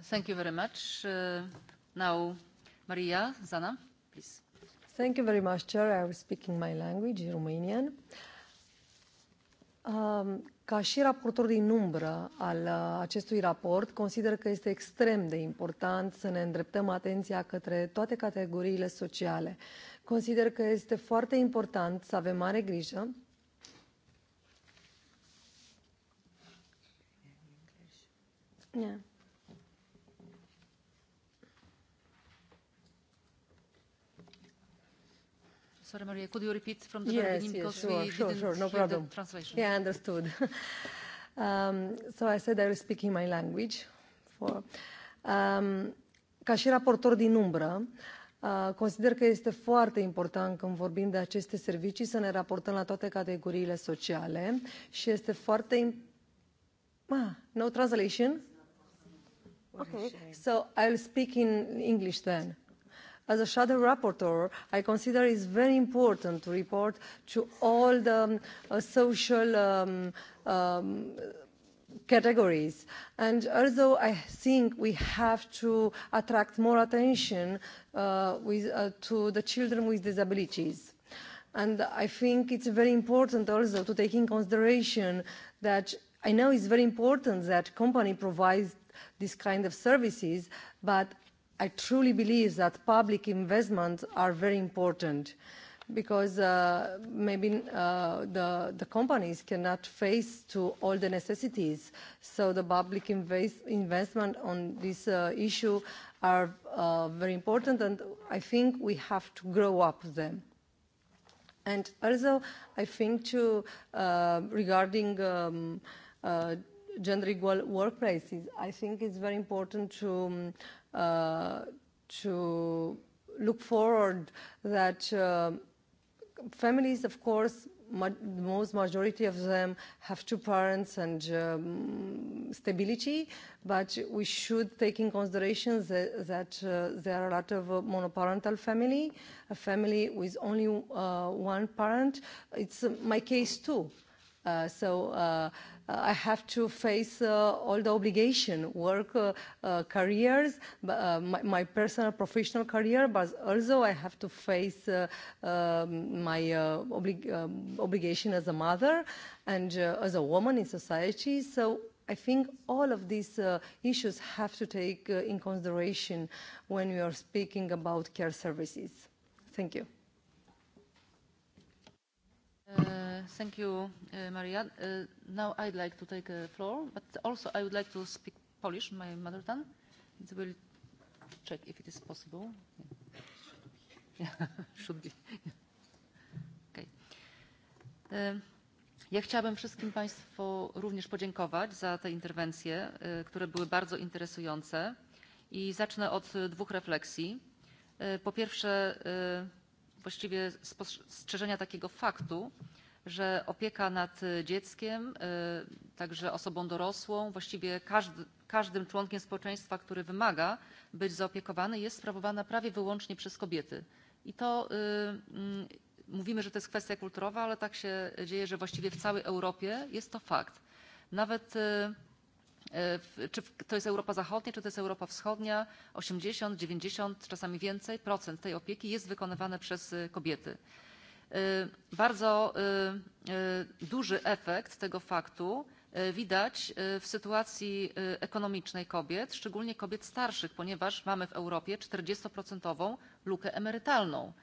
Thank you very much. Uh, Now, Maria Zana, please. Thank you very much, Chair. I will speak in my language, Romanian. Um, ca și raportor din umbră al uh, acestui raport, consider că este extrem de important să ne îndreptăm atenția către toate categoriile sociale. Consider că este foarte important să avem mare grijă Yeah. Sorry, Maria, could you repeat from the yes, very beginning? Yes, because sure, we sure, didn't sure, no hear problem. The translation. Yeah, understood. um, so I said I will speak in my language. For, um, ca și raportor din umbră, uh, consider că este foarte important când vorbim de aceste servicii să ne raportăm la toate categoriile sociale și este foarte... Ah, no translation? Okay. So I'll speak in English then. As a shadow rapporteur, I consider it's very important to report to all the um, uh, social um, um, categories. And although I think we have to attract more attention uh, with, uh, to the children with disabilities. And I think it's very important also to take in consideration that I know it's very important that company provides this kind of services, but I truly believe that public investments are very important because uh, maybe uh, the, the companies cannot face to all the necessities. So the public invest, investment on this uh, issue are uh, very important and I think we have to grow up them. And also I think too uh, regarding um, uh, gender equal workplaces, I think it's very important to um, uh, to look forward that uh, families, of course, ma- the most majority of them have two parents and um, stability, but we should take in consideration that, that uh, there are a lot of uh, monoparental family, a family with only uh, one parent. It's uh, my case too. Uh, so. Uh, uh, I have to face uh, all the obligation, work, uh, uh, careers, uh, my, my personal professional career, but also I have to face uh, uh, my uh, oblig- um, obligation as a mother and uh, as a woman in society. So I think all of these uh, issues have to take uh, in consideration when we are speaking about care services. Thank you. Uh, thank you, uh, Maria. Uh, now I'd like to take a uh, floor, but also I would like to speak Polish, my mother tongue. It will check if it is possible. Yeah. Yeah, should be. Okay. Um, ja chciałabym wszystkim Państwu również podziękować za te interwencje, e, które były bardzo interesujące i zacznę od dwóch refleksji. E, po pierwsze, e, właściwie spostrzeżenia takiego faktu, że opieka nad dzieckiem, także osobą dorosłą, właściwie każdy, każdym członkiem społeczeństwa, który wymaga być zaopiekowany, jest sprawowana prawie wyłącznie przez kobiety. I to mm, mówimy, że to jest kwestia kulturowa, ale tak się dzieje, że właściwie w całej Europie jest to fakt. Nawet E, czy to jest Europa Zachodnia, czy to jest Europa Wschodnia, 80, 90, czasami więcej procent tej opieki jest wykonywane przez e, kobiety. E, bardzo duży efekt tego faktu widać w sytuacji ekonomicznej kobiet, szczególnie kobiet starszych, ponieważ mamy w Europie 40% lukę emerytalną,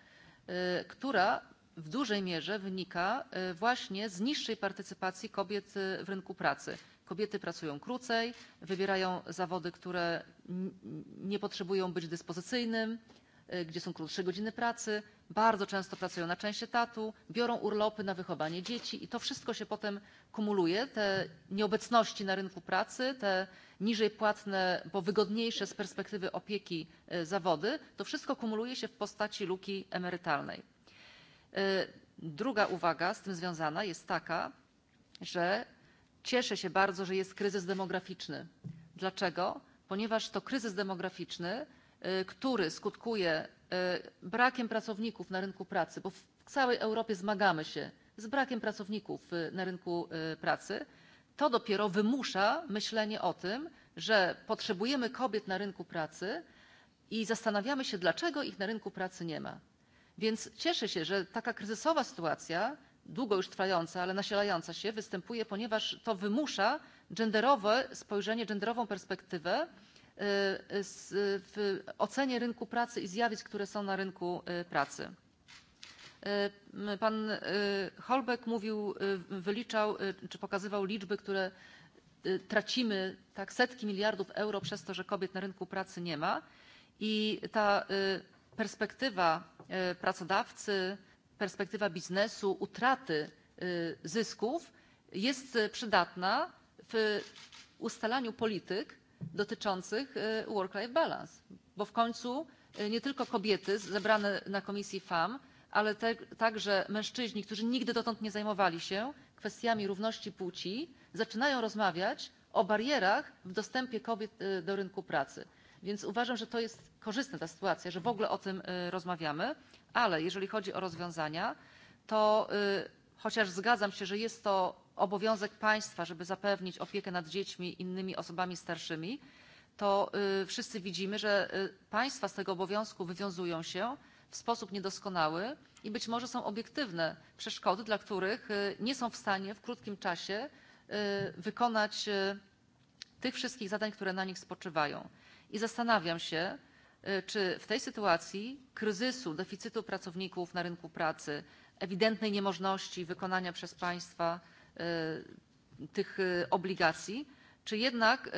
która w dużej mierze wynika właśnie z niższej partycypacji kobiet w rynku pracy. Kobiety pracują krócej, wybierają zawody, które nie potrzebują być dyspozycyjnym, e, gdzie są krótsze godziny pracy, bardzo często pracują na część etatu, biorą urlopy na wychowanie dzieci i to wszystko się potem kumuluje. Te nieobecności na rynku pracy, te niżej płatne, bo wygodniejsze z perspektywy opieki e, zawody, to wszystko kumuluje się w postaci luki emerytalnej. E, druga uwaga z tym związana jest taka, że cieszę się bardzo że jest kryzys demograficzny. dlaczego? ponieważ to kryzys demograficzny który skutkuje brakiem pracowników na rynku pracy bo w całej europie zmagamy się z brakiem pracowników na rynku pracy to dopiero wymusza myślenie o tym że potrzebujemy kobiet na rynku pracy i zastanawiamy się dlaczego ich na rynku pracy nie ma. więc cieszę się że taka kryzysowa sytuacja długo już trwająca ale nasilająca się występuje ponieważ to wymusza genderowe spojrzenie genderową perspektywę w ocenie rynku pracy i zjawisk które są na rynku pracy. pan holbeg mówił wyliczał czy pokazywał liczby które tracimy tak setki miliardów euro przez to że kobiet na rynku pracy nie ma i ta perspektywa pracodawcy perspektywa biznesu, utraty zysków jest przydatna w ustalaniu polityk dotyczących work-life balance, bo w końcu nie tylko kobiety zebrane na komisji FAM, ale te, także mężczyźni, którzy nigdy dotąd nie zajmowali się kwestiami równości płci, zaczynają rozmawiać o barierach w dostępie kobiet do rynku pracy. Więc uważam, że to jest korzystna ta sytuacja, że w ogóle o tym rozmawiamy, ale jeżeli chodzi o rozwiązania, to chociaż zgadzam się, że jest to obowiązek państwa, żeby zapewnić opiekę nad dziećmi innymi osobami starszymi, to wszyscy widzimy, że państwa z tego obowiązku wywiązują się w sposób niedoskonały i być może są obiektywne przeszkody, dla których nie są w stanie w krótkim czasie wykonać tych wszystkich zadań, które na nich spoczywają. I zastanawiam się, czy w tej sytuacji kryzysu, deficytu pracowników na rynku pracy, ewidentnej niemożności wykonania przez państwa tych obligacji, czy jednak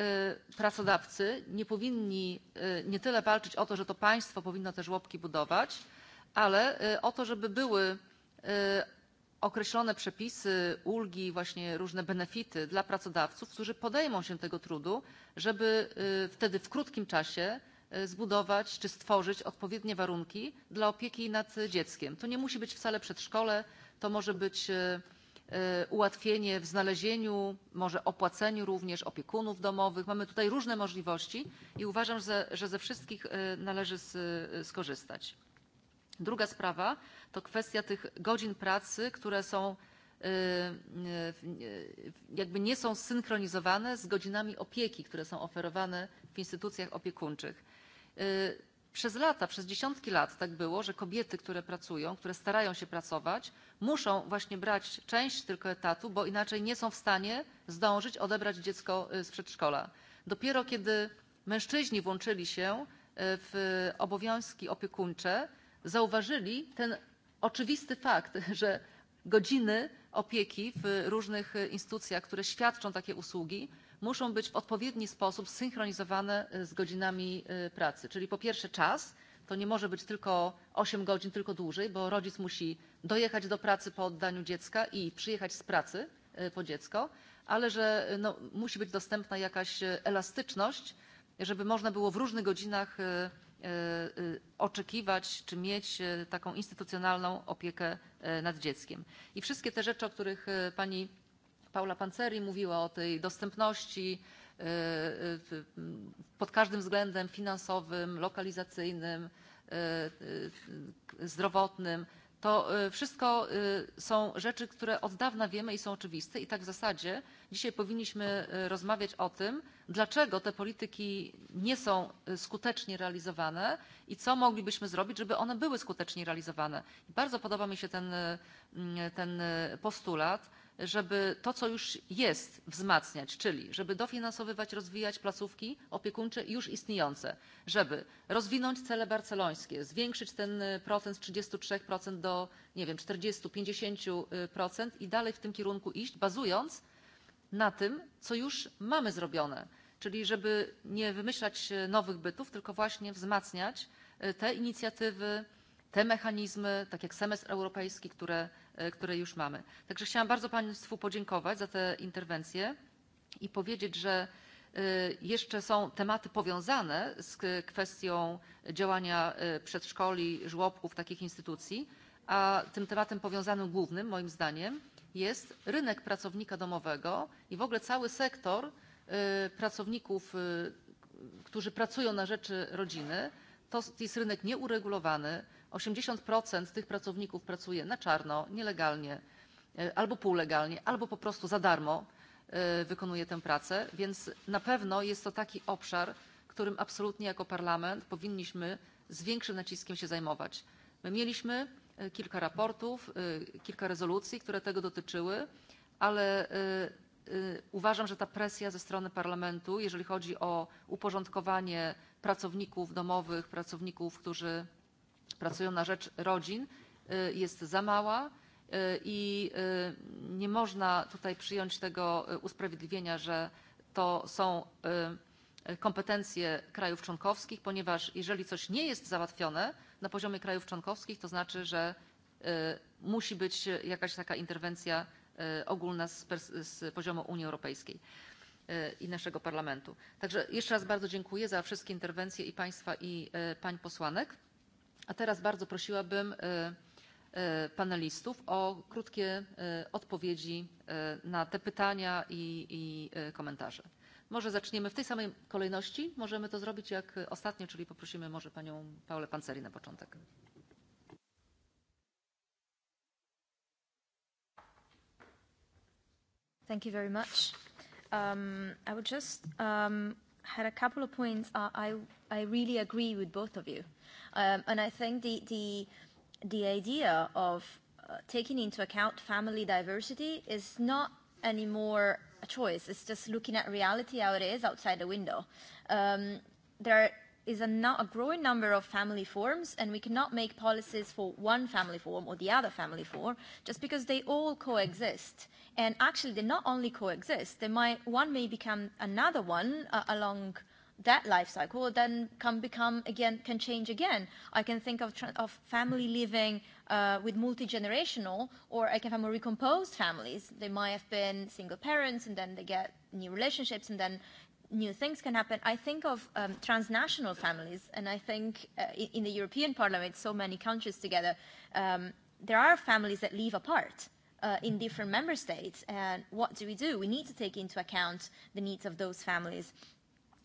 pracodawcy nie powinni nie tyle walczyć o to, że to państwo powinno te żłobki budować, ale o to, żeby były określone przepisy, ulgi, właśnie różne benefity dla pracodawców, którzy podejmą się tego trudu, żeby wtedy w krótkim czasie zbudować czy stworzyć odpowiednie warunki dla opieki nad dzieckiem. To nie musi być wcale przedszkole, to może być ułatwienie w znalezieniu, może opłaceniu również opiekunów domowych. Mamy tutaj różne możliwości i uważam, że, że ze wszystkich należy skorzystać. Druga sprawa to kwestia tych godzin pracy, które są e, e, jakby nie są synchronizowane z godzinami opieki, które są oferowane w instytucjach opiekuńczych. E, przez lata, przez dziesiątki lat tak było, że kobiety, które pracują, które starają się pracować, muszą właśnie brać część tylko etatu, bo inaczej nie są w stanie zdążyć odebrać dziecko z przedszkola. Dopiero kiedy mężczyźni włączyli się w obowiązki opiekuńcze, zauważyli ten oczywisty fakt że godziny opieki w różnych instytucjach które świadczą takie usługi muszą być w odpowiedni sposób zsynchronizowane e, z godzinami e, pracy czyli po pierwsze czas to nie może być tylko osiem godzin tylko dłużej bo rodzic musi dojechać do pracy po oddaniu dziecka i przyjechać z pracy e, po dziecko ale że musi być dostępna jakaś elastyczność żeby można było w różnych godzinach E, e, oczekiwać czy mieć e, taką instytucjonalną opiekę nad dzieckiem. I wszystkie te rzeczy, o których pani Paula Panceri mówiła, o tej dostępności pod każdym względem finansowym, lokalizacyjnym, zdrowotnym, To wszystko są rzeczy, które od dawna wiemy i są oczywiste i tak w zasadzie dzisiaj powinniśmy rozmawiać o tym, dlaczego te polityki nie są skutecznie realizowane i co moglibyśmy zrobić, żeby one były skutecznie realizowane. Bardzo podoba mi się ten, ten postulat żeby to, co już jest, wzmacniać, czyli żeby dofinansowywać, rozwijać placówki opiekuńcze już istniejące, żeby rozwinąć cele barcelońskie, zwiększyć ten procent z 33% do, nie wiem, 40-50% i dalej w tym kierunku iść, bazując na tym, co już mamy zrobione, czyli żeby nie wymyślać nowych bytów, tylko właśnie wzmacniać te inicjatywy, te mechanizmy, tak jak semestr europejski, które E, które już mamy. Także chciałam bardzo Państwu podziękować za te interwencje i powiedzieć, że e, jeszcze są tematy powiązane z kwestią działania e, przedszkoli, żłobków, takich instytucji, a tym tematem powiązanym głównym moim zdaniem jest rynek pracownika domowego i w ogóle cały sektor pracowników, którzy pracują na rzecz rodziny. To jest rynek nieuregulowany, osiemdziesiąt tych pracowników pracuje na czarno nielegalnie e, albo półlegalnie albo po prostu za darmo e, wykonuje tę pracę więc na pewno jest to taki obszar którym absolutnie jako parlament powinniśmy z większym naciskiem się zajmować. my mieliśmy e, kilka raportów kilka rezolucji które tego dotyczyły ale uważam że ta presja ze strony parlamentu jeżeli chodzi o uporządkowanie pracowników domowych pracowników którzy pracują na rzecz rodzin jest za mała i nie można tutaj przyjąć tego usprawiedliwienia, że to są kompetencje krajów członkowskich, ponieważ jeżeli coś nie jest załatwione na poziomie krajów członkowskich, to znaczy, że musi być jakaś taka interwencja ogólna z, z poziomu Unii Europejskiej i naszego parlamentu. Także jeszcze raz bardzo dziękuję za wszystkie interwencje i Państwa i pań posłanek. A teraz bardzo prosiłabym e, e, panelistów o krótkie e, odpowiedzi na te pytania i, i komentarze. Może zaczniemy w tej samej kolejności. Możemy to zrobić jak ostatnio, czyli poprosimy może panią Paulę Panceri na początek. Thank you very much. Um, I would just um, had a couple of points. Uh, I, I really agree with both of you. Um, and I think the, the, the idea of uh, taking into account family diversity is not anymore a choice. It's just looking at reality how it is outside the window. Um, there are is a, no, a growing number of family forms, and we cannot make policies for one family form or the other family form just because they all coexist. And actually, they not only coexist, they might, one may become another one uh, along that life cycle then can become again can change again i can think of of family living uh, with multi-generational or i can have more recomposed families they might have been single parents and then they get new relationships and then new things can happen. I think of um, transnational families, and I think uh, in, in the European Parliament, so many countries together, um, there are families that live apart. Uh, in different member states, and what do we do? We need to take into account the needs of those families.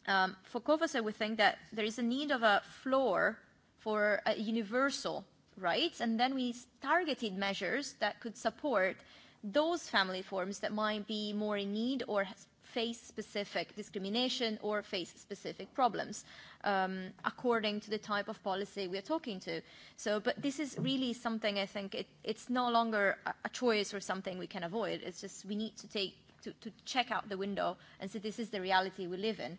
Um, for Kovace, we think that there is a need of a floor for a universal rights, and then we targeted measures that could support those family forms that might be more in need or face-specific discrimination or face-specific problems um, according to the type of policy we are talking to. So, but this is really something I think it, it's no longer a, a choice or something we can avoid. It's just we need to take to, to check out the window and say this is the reality we live in.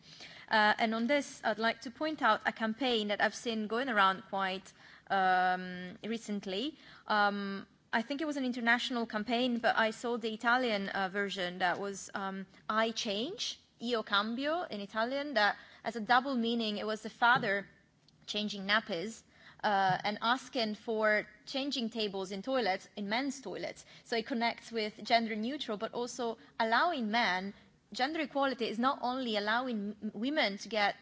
Uh, and on this, I'd like to point out a campaign that I've seen going around quite um, recently um, I think it was an international campaign, but I saw the Italian uh, version that was um, I change, io cambio in Italian, that as a double meaning, it was the father changing nappies uh, and asking for changing tables in toilets, in men's toilets. So it connects with gender neutral, but also allowing men, gender equality is not only allowing women to get,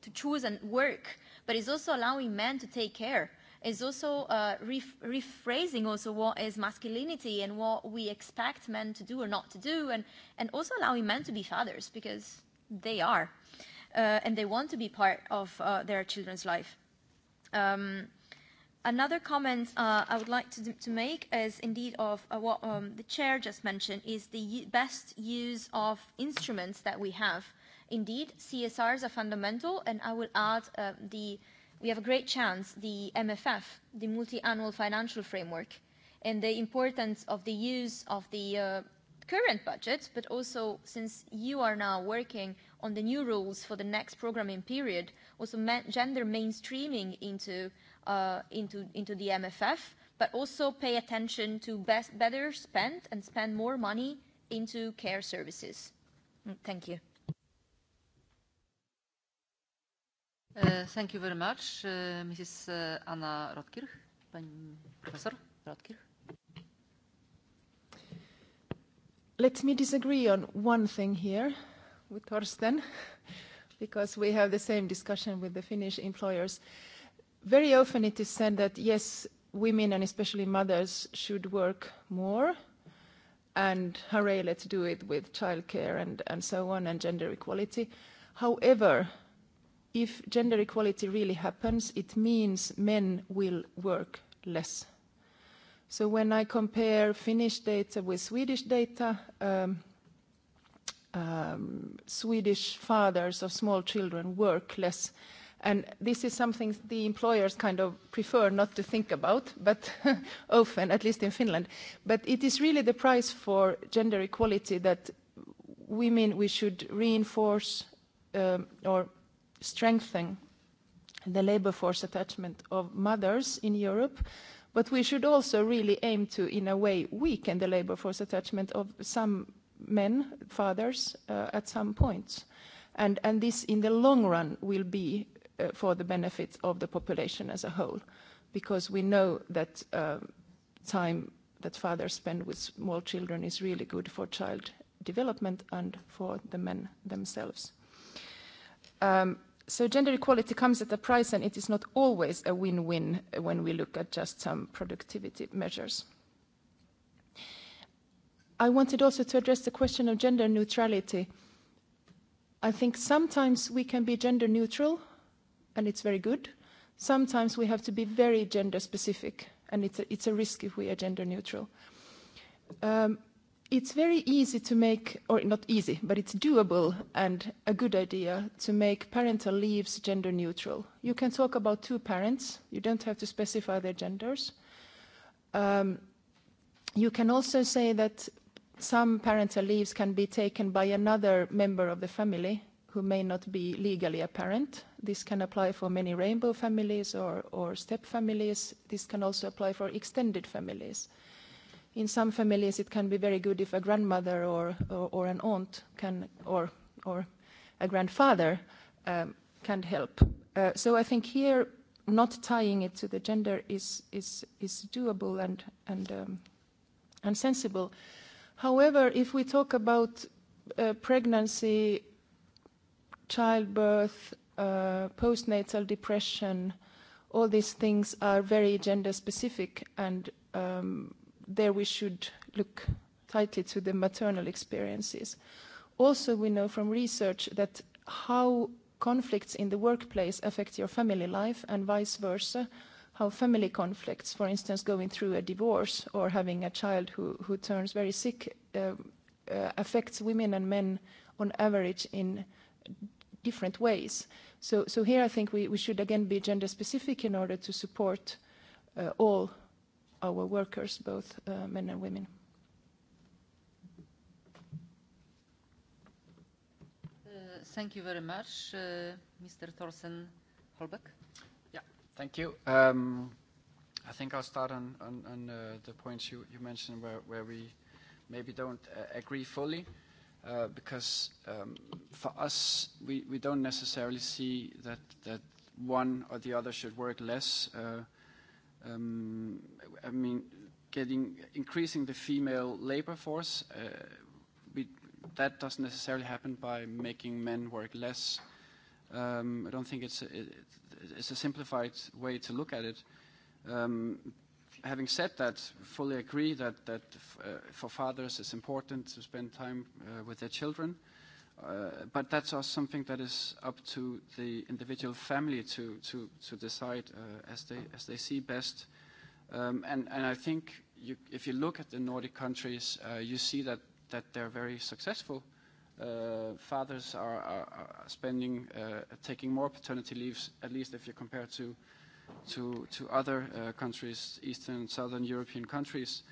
to choose and work, but it's also allowing men to take care is also uh, ref- rephrasing also what is masculinity and what we expect men to do or not to do, and, and also allowing men to be fathers because they are uh, and they want to be part of uh, their children's life. Um, another comment uh, I would like to, to make is indeed of uh, what um, the chair just mentioned is the best use of instruments that we have. Indeed, CSRs are fundamental, and I will add uh, the uh, we have a great chance, the MFF, the Multi-Annual Financial Framework, and the importance of the use of the uh, current budget, but also since you are now working on the new rules for the next programming period, also ma gender mainstreaming into, uh, into, into the MFF, but also pay attention to best, better spend and spend more money into care services. Mm, thank you. Uh, thank you very much, uh, Mrs. Uh, Anna Rotkirch. Pani profesor Rotkirch. Let me disagree on one thing here with Torsten, because we have the same discussion with the Finnish employers. Very often it is said that, yes, women and especially mothers should work more, and hooray, let's do it with childcare and, and so on, and gender equality. However, if gender equality really happens, it means men will work less. So when I compare Finnish data with Swedish data, um, um, Swedish fathers of small children work less. And this is something the employers kind of prefer not to think about, but often, at least in Finland. But it is really the price for gender equality that women, we should reinforce um, or strengthen the labour force attachment of mothers in Europe, but we should also really aim to, in a way, weaken the labour force attachment of some men, fathers, uh, at some point. And, and this, in the long run, will be uh, for the benefit of the population as a whole, because we know that uh, time that fathers spend with small children is really good for child development and for the men themselves. Um, So gender equality comes at a price, and it is not always a win-win when we look at just some productivity measures. I wanted also to address the question of gender neutrality. I think sometimes we can be gender neutral, and it's very good. Sometimes we have to be very gender specific, and it's a, it's a risk if we are gender neutral. Um, it's very easy to make, or not easy, but it's doable and a good idea to make parental leaves gender neutral. You can talk about two parents, you don't have to specify their genders. Um, you can also say that some parental leaves can be taken by another member of the family who may not be legally a parent. This can apply for many rainbow families or, or step families. This can also apply for extended families. Uh, in some families it can be very good if a grandmother or, or, or an aunt can, or, or a grandfather um, can help. Uh, so I think here not tying it to the gender is, is, is doable and, and, um, and sensible. However, if we talk about uh, pregnancy, childbirth, uh, postnatal depression, all these things are very gender specific and um, there we should look tightly to the maternal experiences. Also, we know from research that how conflicts in the workplace affect your family life and vice versa, how family conflicts, for instance, going through a divorce or having a child who, who turns very sick, uh, uh, affects women and men on average in different ways. So, so here I think we, we should again be gender specific in order to support uh, all our workers, both uh, men and women. Uh, thank you very much. Uh, Mr. Thorsten Holbeck? Yeah, thank you. Um, I think I'll start on, on, on uh, the points you, you mentioned where, where we maybe don't uh, agree fully. Uh, because um, for us, we, we don't necessarily see that, that one or the other should work less. Uh, um, I mean, getting increasing the female labor force. Uh, we, that doesn't necessarily happen by making men work less. Um, I don't think it's a, it, it's a simplified way to look at it. Um, having said that, fully agree that that uh, for fathers it's important to spend time uh, with their children. Uh, Uh, but that's also something that is up to the individual family to, to, to decide uh, as, they, as they see best. Um, and, and I think you, if you look at the Nordic countries, uh, you see that, that they're very successful. Uh, fathers are, are, are spending, uh, taking more paternity leaves, at least if you compare to, to, to other uh, countries, Eastern and Southern European countries. Uh,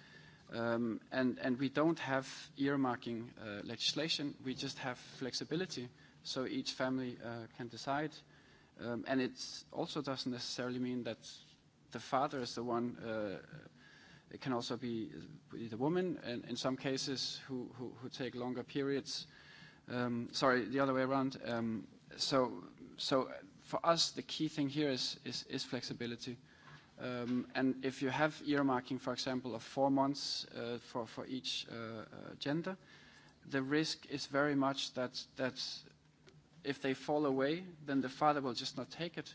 Um, and, and we don't have earmarking uh, legislation. We just have flexibility, so each family uh, can decide. Um, and it also doesn't necessarily mean that the father is the one. Uh, it can also be uh, the woman, and in some cases who, who, who take longer periods. Um, sorry, the other way around. Um, so, so uh, for us, the key thing here is, is, is flexibility. Uh, Um, and if you have earmarking, for example, of four months uh, for, for each uh, uh, gender, the risk is very much that, that if they fall away, then the father will just not take it,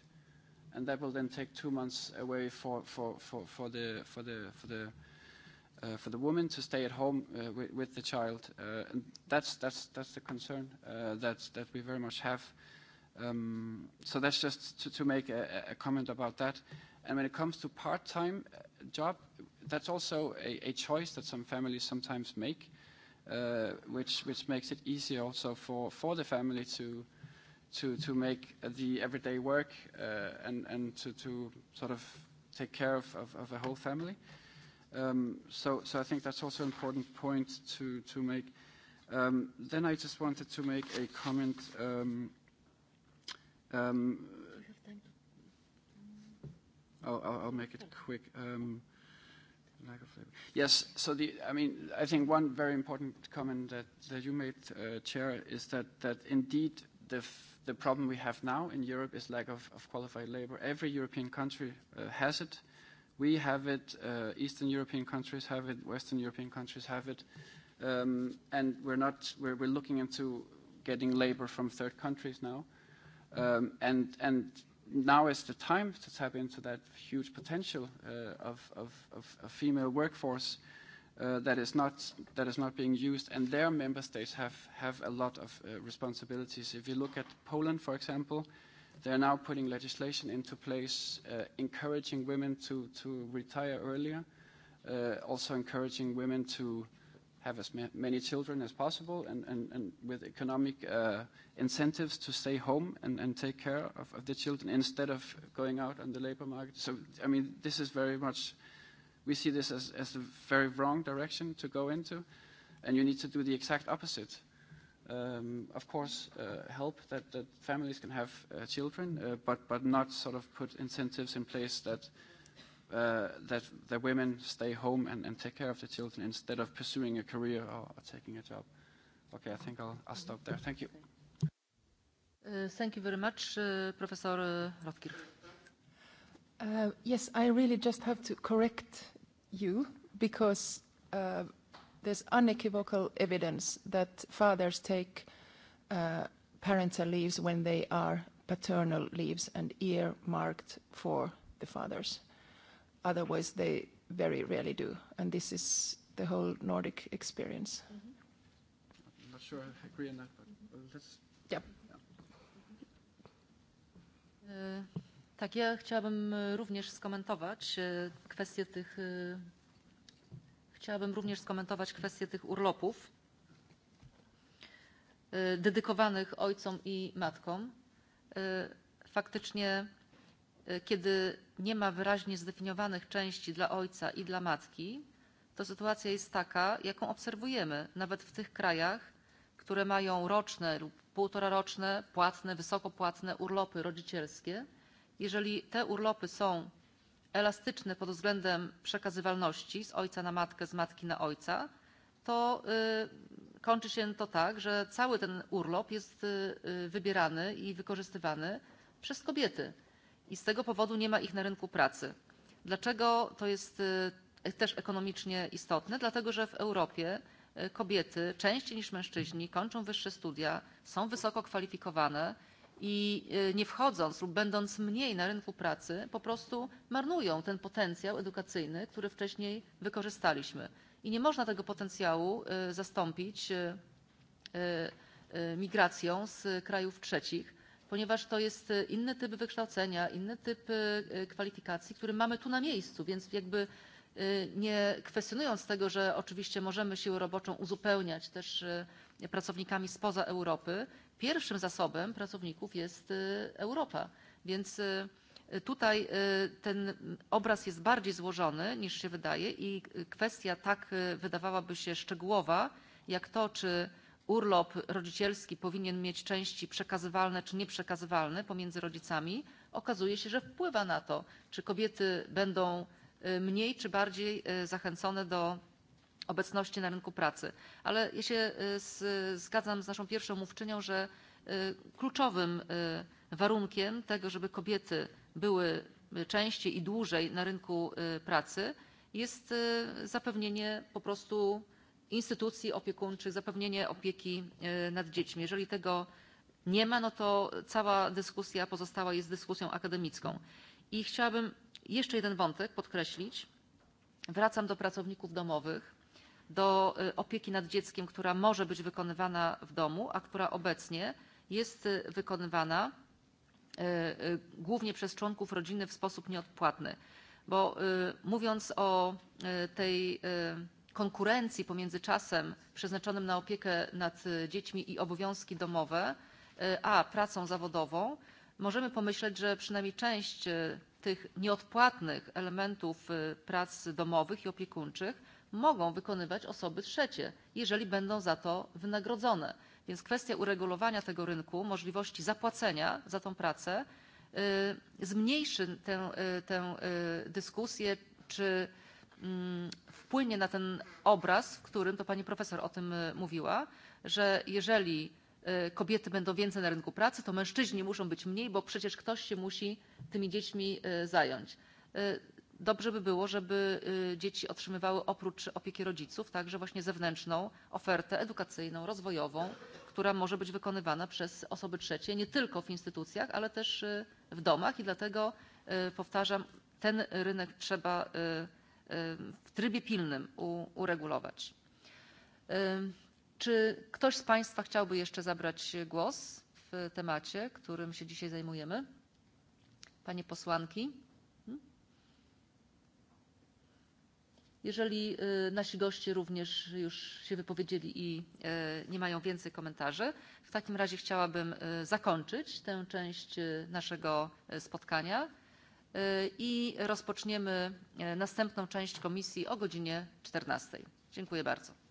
and that will then take two months away for, for, for, for the, for the, for the, uh, for the woman to stay at home uh, with, with the child. Uh, and that's, that's, that's the concern uh, that, that we very much have. Um, so that's just to, to make a, a comment about that. Uh, And when it comes to part-time uh, job, that's also a, a choice that some families sometimes make, uh, which, which makes it easier also for, for the family to, to, to make the everyday work uh, and, and to, to sort of take care of, of, of a whole family. Um, so, so I think that's also an important point to, to make. Um, then I just wanted to make a comment um, um, I'll, I'll, I'll make it quick. Um, lack of flavor. Yes. So the, I mean, I think one very important comment that, that you made, uh, Chair, is that, that indeed the, the problem we have now in Europe is lack of, of qualified labor. Every European country uh, has it. We have it. Uh, Eastern European countries have it. Western European countries have it. Um, and we're not. We're, we're looking into getting labor from third countries now. Um, and and now is the time to tap into that huge potential uh, of, of, of, of female workforce uh, that is, not, that is not being used. And their member states have, have a lot of uh, responsibilities. If you look at Poland, for example, they're now putting legislation into place encouraging women to, to retire earlier, also encouraging women to have as ma many children as possible and, and, and with economic uh, incentives to stay home and, and take care of, of the children instead of going out on the labor market. So, I mean, this is very much, we see this as, as a very wrong direction to go into, and you need to do the exact opposite. Um, of course, uh, help that, that families can have uh, children, uh, but, but not sort of put incentives in place that uh, uh, that the women stay home and, and take care of the children instead of pursuing a career or, or taking a job. Okay, I think I'll, I'll stop there. Thank you. Uh, thank you very much, uh, Professor uh, Rothkirch. Uh, yes, I really just have to correct you because uh, there's unequivocal evidence that fathers take uh, parental leaves when they are paternal leaves and earmarked for the fathers. Otherwise, they very rarely do. And this is the whole Nordic experience. Mm-hmm. I'm not sure I agree on that, but uh, let's. Yeah. E, tak, ja chciałabym e, również skomentować e, kwestię tych chciałabym również skomentować kwestię tych urlopów dedykowanych ojcom i matkom. Faktycznie, kiedy nie ma wyraźnie zdefiniowanych części dla ojca i dla matki, to sytuacja jest taka, jaką obserwujemy nawet w tych krajach, które mają roczne lub półtororoczne, płatne, wysoko płatne urlopy rodzicielskie. Jeżeli te urlopy są elastyczne pod względem przekazywalności z ojca na matkę, z matki na ojca, to y, kończy się to tak, że cały ten urlop jest y, wybierany i wykorzystywany przez kobiety i z tego powodu nie ma ich na rynku pracy. Dlaczego to jest e, też ekonomicznie istotne? Dlatego, że w Europie e, kobiety częściej niż mężczyźni kończą wyższe studia, są wysoko kwalifikowane i e, nie wchodząc lub będąc mniej na rynku pracy, po prostu marnują ten potencjał edukacyjny, który wcześniej wykorzystaliśmy. I nie można tego potencjału zastąpić migracją z krajów trzecich ponieważ to jest e, inny typ wykształcenia, inny typ e, e, kwalifikacji, który mamy tu na miejscu, więc jakby nie kwestionując tego, że oczywiście możemy siłę roboczą uzupełniać też pracownikami spoza Europy, pierwszym zasobem pracowników jest Europa. Więc tutaj ten obraz jest bardziej złożony niż się wydaje i kwestia tak wydawałaby się szczegółowa, jak to, czy urlop rodzicielski powinien mieć części przekazywalne czy nieprzekazywalne pomiędzy rodzicami, okazuje się, że wpływa na to, czy kobiety będą mniej czy bardziej zachęcone do obecności na rynku pracy. Ale ja się z, zgadzam z naszą pierwszą mówczynią, że kluczowym warunkiem tego, żeby kobiety były częściej i dłużej na rynku pracy jest zapewnienie po prostu instytucji opiekuńczych, zapewnienie opieki e, nad dziećmi. Jeżeli tego nie ma, no to cała dyskusja pozostała jest dyskusją akademicką. I chciałabym jeszcze jeden wątek podkreślić. Wracam do pracowników domowych, do e, opieki nad dzieckiem, która może być wykonywana w domu, a która obecnie jest e, wykonywana głównie przez członków rodziny w sposób nieodpłatny. Bo mówiąc o tej konkurencji pomiędzy czasem przeznaczonym na opiekę nad e, dziećmi i obowiązki domowe e, a pracą zawodową możemy pomyśleć że przynajmniej część e, tych nieodpłatnych elementów prac domowych i opiekuńczych mogą wykonywać osoby trzecie jeżeli będą za to wynagrodzone więc kwestia uregulowania tego rynku możliwości zapłacenia za tę pracę zmniejszy tę dyskusję czy Mm, wpłynie na ten obraz, w którym to pani profesor o tym e, mówiła, że jeżeli e, kobiety będą więcej na rynku pracy, to mężczyźni muszą być mniej, bo przecież ktoś się musi tymi dziećmi e, zająć. Dobrze by było, żeby dzieci otrzymywały oprócz opieki rodziców także właśnie zewnętrzną ofertę edukacyjną, rozwojową, która może być wykonywana przez osoby trzecie, nie tylko w instytucjach, ale też w domach i dlatego powtarzam, ten rynek trzeba w trybie pilnym uregulować. Czy ktoś z Państwa chciałby jeszcze zabrać głos w temacie, którym się dzisiaj zajmujemy? Panie posłanki? Hmm? Jeżeli nasi goście również już się wypowiedzieli i e, nie mają więcej komentarzy, w takim razie chciałabym zakończyć tę część naszego e, spotkania E, i rozpoczniemy e, następną część komisji o godz. czternaście. dziękuję bardzo.